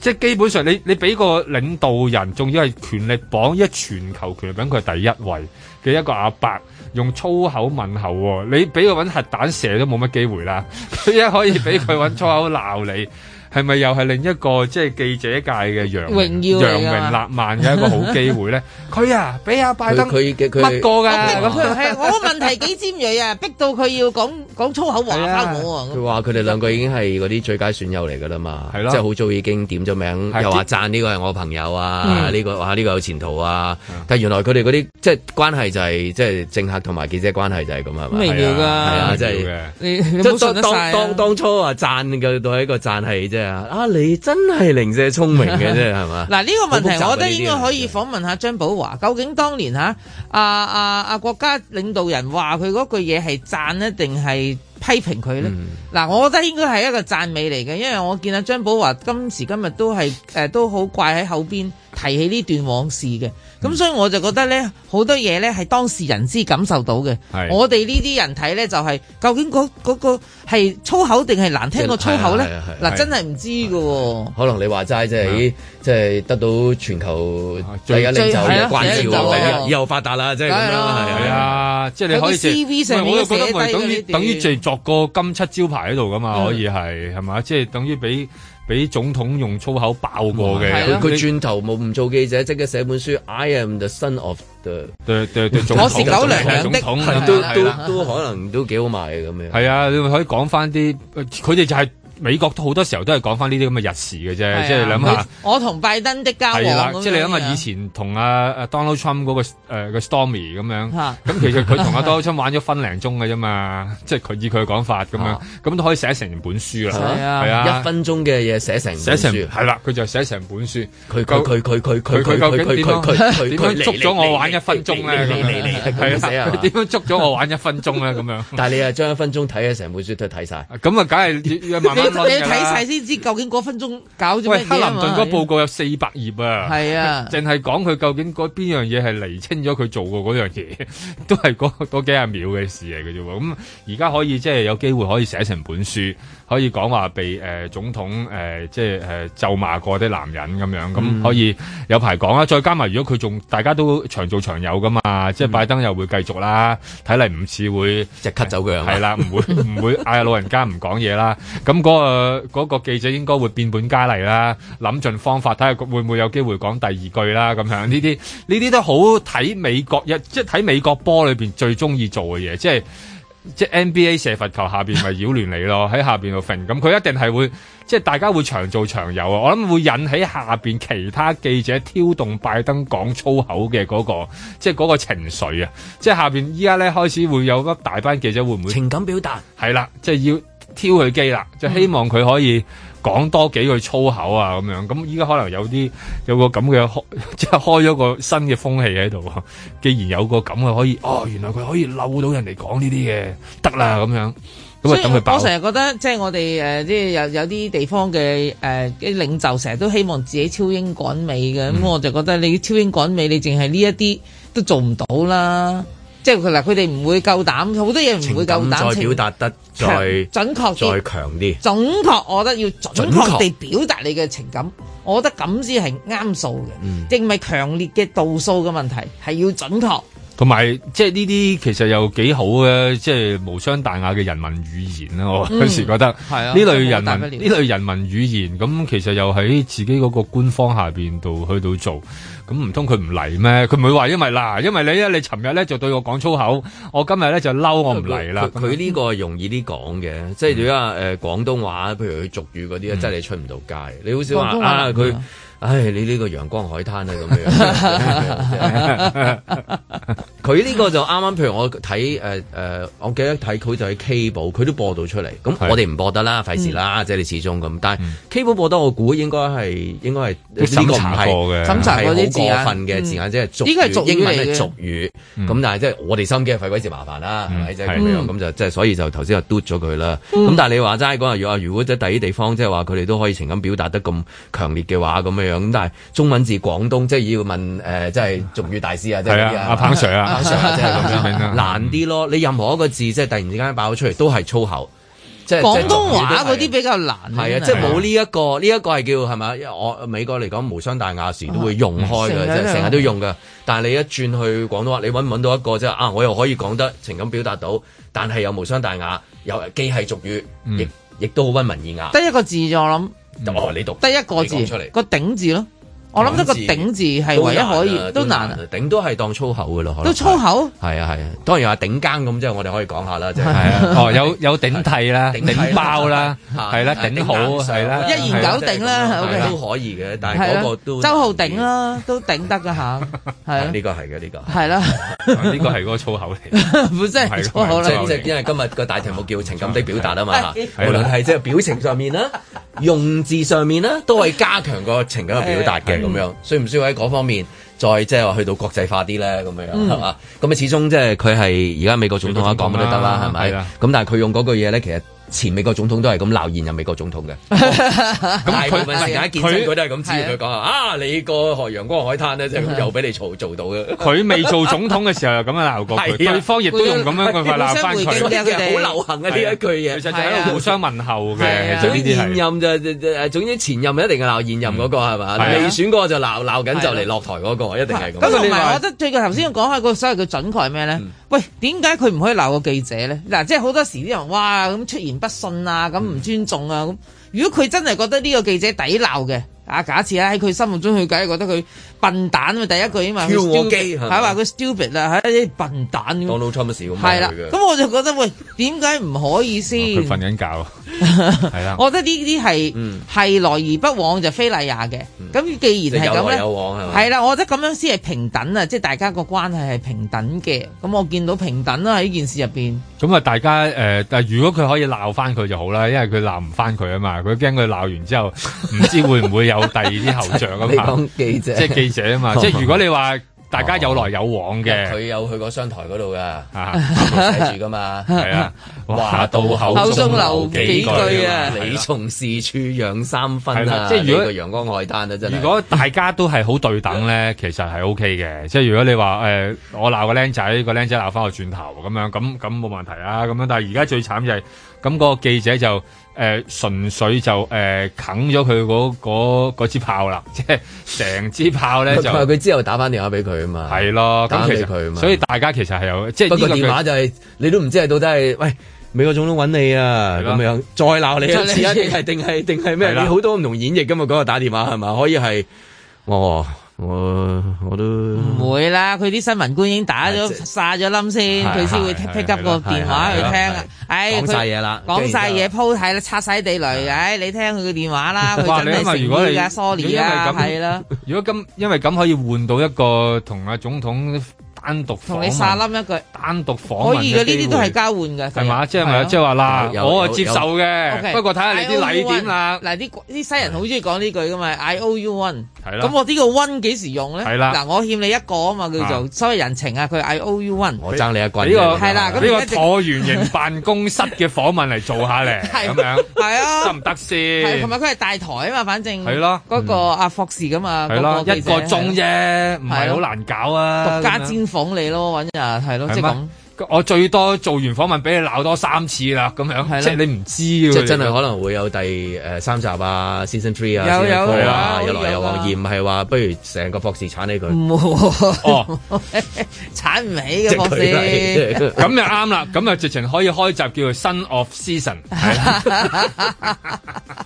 即係基本上你你俾個領導人，仲要係權力榜因為全球權力榜佢係第一位嘅一個阿伯。用粗口問候喎，你俾佢搵核彈射都冇乜機會啦，佢一可以俾佢搵粗口鬧你。 係咪又係另一個即係記者界嘅楊榮耀、揚名立萬嘅一個好機會咧？佢 啊，俾阿、啊、拜登乜過噶？佢係我， 我問題幾尖銳啊，逼到佢要講講粗口話翻我。佢話佢哋兩個已經係嗰啲最佳損友嚟噶啦嘛，即係好早已經點咗名，啊、又話讚呢個係我朋友啊，呢、啊嗯這個話呢、啊這個有前途啊。嗯、但原來佢哋嗰啲即係關係就係、是、即係政客同埋記者關係就係咁係嘛？微妙噶，係啊，即係、啊啊啊啊、當當當初話讚嘅都係一個讚係啫。啊！你真係零舍聰明嘅啫，係 嘛、啊？嗱，呢個問題，我覺得應該可以訪問下張寶華，究竟當年吓啊啊啊，國家領導人話佢嗰句嘢係讚呢定係？批評佢咧，嗱、嗯，我覺得應該係一個讚美嚟嘅，因為我見阿張寶華今時今日都係誒、呃、都好怪喺後邊提起呢段往事嘅，咁、嗯、所以我就覺得咧，好多嘢咧係當事人先感受到嘅，我哋呢啲人睇咧就係、是、究竟、嗰個嗰、嗰個係粗口定係難聽個粗口咧？嗱，真係唔知嘅喎、啊。可能你話齋即係即係得到全球最家你就關注、啊啊啊，以後發達啦，即係咁樣，係啊，啊，啊，即係你可以 CV 上面都。我又覺得唔等於等於最。落個金七招牌喺度噶嘛，可以係，係、嗯、嘛？即係等於俾俾總統用粗口爆過嘅，佢、嗯、佢、啊、轉頭冇唔做記者，即刻寫本書。I am the son of the，我是狗娘養的總統，總統兩兩兩總統嗯啊、都、啊啊、都、啊、都可能都幾好賣嘅咁樣。係啊，你咪可以講翻啲，佢哋就係、是。美國都好多時候都係講翻呢啲咁嘅日時嘅啫，即係你諗下。我同拜登的交往，即係你諗下以前同阿 Donald Trump 嗰個誒 Stormy 咁樣，咁其實佢同阿 Donald Trump 玩咗分零鐘嘅啫嘛，即係佢以佢嘅講法咁樣，咁都可以寫成本書啦。係啊，一分鐘嘅嘢寫成寫成係啦，佢就寫成本書。佢佢佢佢佢佢佢佢佢點樣？點樣捉咗我玩一分鐘咧？點樣捉咗我玩一分鐘咧？咁樣。但係你又將一分鐘睇嘅成本書都睇晒。咁啊，梗係慢慢。 你要睇晒先知究竟嗰分鐘搞咗乜嘢？喂，克林頓嗰報告有四百頁啊，係啊，淨係講佢究竟嗰邊樣嘢係釐清咗佢做過嗰樣嘢，都係嗰嗰幾廿秒嘅事嚟嘅啫。咁而家可以即係、就是、有機會可以寫成本書。可以講話被誒、呃、總統誒、呃、即係誒、呃、咒罵過啲男人咁樣，咁、嗯、可以有排講啦。再加埋如果佢仲大家都長做長有噶嘛，即係拜登又會繼續啦。睇嚟唔似會即刻走佢，係、呃、啦，唔會唔 會嗌老人家唔講嘢啦。咁、那、嗰個嗰、呃嗰個、記者應該會變本加厲啦，諗盡方法睇下會唔會有機會講第二句啦。咁樣呢啲呢啲都好睇美國一，即係睇美國波裏面最中意做嘅嘢，即係。即係 NBA 射罰球下邊咪擾亂你咯，喺 下邊度 f 咁佢一定係會，即係大家會長做長有啊，我諗會引起下邊其他記者挑動拜登講粗口嘅、嗰、嗰個，即係嗰個情緒啊，即係下邊依家咧開始會有一大班記者會唔會？情感表達係啦，即係要挑佢機啦，就希望佢可以。嗯講多幾句粗口啊咁樣，咁依家可能有啲有個咁嘅即係開咗個新嘅風氣喺度。既然有個咁嘅可以，哦，原來佢可以鬧到人哋講呢啲嘅，得啦咁樣，咁啊等佢爆。我成日覺得即係我哋、呃、即係有有啲地方嘅誒啲領袖成日都希望自己超英趕美嘅，咁、嗯、我就覺得你超英趕美，你淨係呢一啲都做唔到啦。即係佢嗱，佢哋唔會夠膽，好多嘢唔會夠膽。情感再表達得再準確，再強啲。準確，我覺得要準確地表達你嘅情感。我覺得咁先係啱數嘅，嗯，唔係強烈嘅度數嘅問題係要準確。同埋即係呢啲，其實又幾好嘅，即係無傷大雅嘅人民語言、嗯、我有時覺得係啊，呢類人民呢類人民語言，咁其實又喺自己嗰個官方下面度去到做，咁唔通佢唔嚟咩？佢唔會話因為嗱，因為你咧，你尋日咧就對我講粗口，我今日咧就嬲，我唔嚟啦。佢呢個容易啲講嘅，即係點啊？誒，廣東話，譬如佢俗語嗰啲啊，真係你出唔到街。你好少話啊，佢。啊唉，你呢個陽光海灘啊咁樣，佢 呢 個就啱啱，譬如我睇誒、呃、我記得睇佢就喺 Cable 佢都播到出嚟。咁我哋唔播得啦，費事啦，即係你始終咁。但係 Cable 播得，我估應該係應該係呢個唔嘅，審查嗰啲過分嘅字眼，字眼、嗯、即係俗語。呢個係俗語，呢係俗語咁，但係即係我哋心機費鬼事麻煩啦，係咪先？咁就即係所以就頭先就嘟咗佢啦。咁、嗯、但係你話齋講話，如果如果即係第啲地方即係話佢哋都可以情感表達得咁強烈嘅話，咁咁但係中文字廣東即係要問誒，即、呃、係、就是、俗語大師啊，即係阿、啊啊、彭 Sir 啊，啊 Sir，啊就是、咁樣啊難啲咯。你任何一個字，即係突然之間爆咗出嚟，都係粗口。即係廣東話嗰啲比較難。係啊，即係冇呢一個，呢、呢、一個係叫係咪啊？因為我美國嚟講無傷大雅時都會用開嘅、啊嗯啊，即係成日都用噶。但係你一轉去廣東話，你搵唔搵到一個即係啊？我又可以講得情感表達到，但係又無傷大雅，又既係俗語，亦、嗯、亦都好溫文爾雅。得一個字咋我諗？得、哦、一個字，個頂字咯。我諗得個頂字係唯一可以，都難、啊都難，啊都難啊、頂頂都係當粗口嘅咯，可都粗口。係啊係啊、啊、啊，當然話頂更咁即係我哋可以講下啦，即係哦有有頂替啦，頂包啦，係啦，頂好係啦，一言九鼎啦、啊啊啊啦啊啊、O、okay、K、啊、都可以嘅，但係嗰個都、啊、周浩鼎啦、啊，都頂得㗎。吓、啊，係呢、啊啊啊這個係嘅呢個係啦，呢、啊、 個係嗰個粗口嚟，即係粗口啦，即係因為今日個大題目叫情感的表達啊嘛吓，無論係即係表情上面啦，用字上面啦，都係加強個情感嘅表達嘅。咁樣，需唔需要喺嗰方面再即係話去到國際化啲咧？咁樣係嘛？咁、嗯、啊，始終即係佢係而家美國總統一、啊、講、啊、都得啦，係、啊、咪？咁、啊、但係佢用嗰句嘢咧，其實～前美國總統都係咁鬧現任美國總統嘅，咁佢大部分時間喺見真佢都係咁知佢講啊，啊你個陽光海灘咧，就又俾你嘈做到嘅。佢未做總統嘅時候又咁樣鬧過佢，對方亦都用咁樣嘅法鬧翻佢。好流行嘅呢一句嘢，其實就喺度互相問候嘅。咁現任就總之前任一定係鬧現任嗰個係嘛？未選嗰個就鬧鬧緊就嚟落台嗰個一定係咁。咁同埋我覺得最近頭先要講下個所謂嘅準確係咩咧？喂，點解佢唔可以鬧、嗯、個記者咧？嗱，即係好多時啲人哇咁出言不遜啊，咁唔尊重啊咁。如果佢真係覺得呢個記者抵鬧嘅。啊，假設咧，喺佢心目中佢梗係，佢覺得佢笨蛋啊，第一句已經話佢，係話佢 stupid 啦，係啲笨蛋。當咁。係啦，咁我就覺得喂，點解唔可以先？瞓、哦、緊覺，係 啦。我覺得呢啲係係來而不往就非禮也嘅。咁、嗯、既然係咁咧，係啦，我覺得咁樣先係平等啊，即、就、係、是、大家個關係係平等嘅。咁我見到平等啦喺呢件事入邊。咁啊，大家誒，但、呃、係如果佢可以鬧翻佢就好啦，因為佢鬧唔翻佢啊嘛，佢驚佢鬧完之後唔知會唔會有。 有第二啲後像啊嘛，即係記者啊嘛， 即係如果你話大家有來有往嘅，佢、哦、有去過商台嗰度噶嚇住噶嘛，係 啊，話到口中，中留幾句、啊、幾句啊，你從事處養三分啊，啊啊即係如果陽光外灘啊，真如果大家都係好對等咧， 其實係 OK 嘅。即係如果你話、哎、我鬧個僆仔，個僆仔鬧翻我轉頭咁樣，咁咁冇問題啊。咁樣，但係而家最慘就係咁個記者就。誒、呃、純粹就誒、呃、啃咗佢嗰嗰嗰支炮啦，即係成支炮咧，就佢之後打返電話俾佢啊嘛，係咯，打俾佢啊嘛。所以大家其實係有即係呢個不過電話就係、是、你都唔知係到底係喂美國總統揾你啊咁樣，再鬧你、啊、一次你啊，定係定係咩？你好多唔同演繹㗎嘛，嗰、嗰個打電話係咪可以係哦？我我都唔會啦，佢啲新聞官已經打咗晒咗冧先，佢先會 pick up 個電話去聽。是是是是是是哎，講晒嘢啦，講晒嘢鋪係啦，拆晒地雷。哎，你聽佢嘅電話啦。哇，你因為如果你 sorry 啊，係啦。如果今因為咁可以換到一個同阿總統單獨同你晒冧一,一句，單獨訪問可以嘅呢啲都係交換嘅，係嘛？即係咪？即係話啦，我啊接受嘅。不過睇下你啲禮點啦。嗱，啲啲西人好中意講呢句噶嘛？I O U one。咁我呢個 one 幾時用咧？係啦，嗱，我欠你一個啊嘛，叫做所謂人情啊。佢嗌 I owe you one，我爭你一個，呢、這個係啦。呢、這個這個橢圓形辦公室嘅訪問嚟做下咧，係 咁樣，係啊，得唔得先？同埋佢係大台啊嘛，反正係咯，嗰、嗯那個阿霍士噶嘛，係咯，一個鐘啫，唔係好難搞啊，獨家專訪你咯，搵人係咯，即係咁。我最多做完訪問，俾你鬧多三次啦，咁樣，即係你唔知喎，即、啊、即係真係可能會有第三集啊，Season Three 啊，有啊有啊，有來有往，而唔係話不如成個博士鏟起佢，唔好哦，鏟唔起嘅博士，咁就啱啦，咁就直情可以開集叫做《新 off season 係啦。》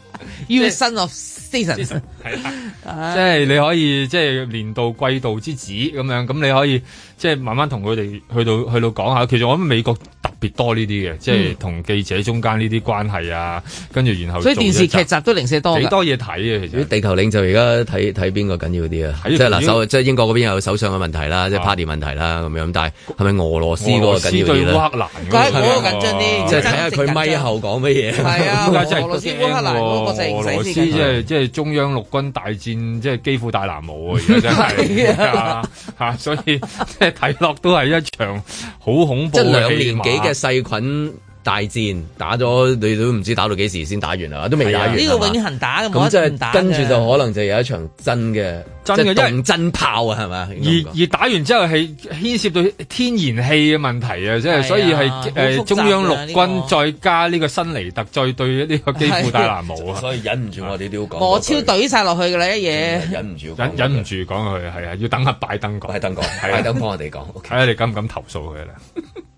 you son of seasons，係啦， 即係你可以即係年度季度之子咁樣，咁你可以即係慢慢同佢哋去到去到講下。其實我諗美國特別多呢啲嘅，即係同記者中間呢啲關係啊，跟住然後。所以電視劇集都零舍多，幾多嘢睇啊。其實地球領袖而家睇睇邊個緊要啲啊？即係嗱，首即係英國嗰邊有首相嘅問題啦，即係 party 問題啦咁樣。但係係咪俄羅斯個緊要？俄羅斯對烏克蘭嗰、 嗰個緊張啲，即係睇下佢咪後講乜嘢。係啊，估係俄羅斯烏克蘭俄羅斯即係即係中央陸軍大戰，即係幾乎大難無 啊！而家真係吓，所以即係睇落都係一場好恐怖。即兩年幾嘅細菌。大戰打咗，你都唔知打到幾時先打完啦，都未打完。呢個、啊、永恆打咁即係跟住就可能就有一場真嘅，真嘅、即係、動真炮啊，係咪？而而打完之後係牽涉到天然氣嘅問題啊，即係所以係誒中央陸軍、這個、再加呢個新尼特再對呢個基輔大藍帽啊。所以忍唔住我、啊，我哋都要講。我超懟晒落去噶啦，說一嘢忍唔住，忍忍唔住講佢係啊，要等下拜登講。拜登講，拜登幫我哋講。睇 下、okay. 你敢唔敢投訴佢咧？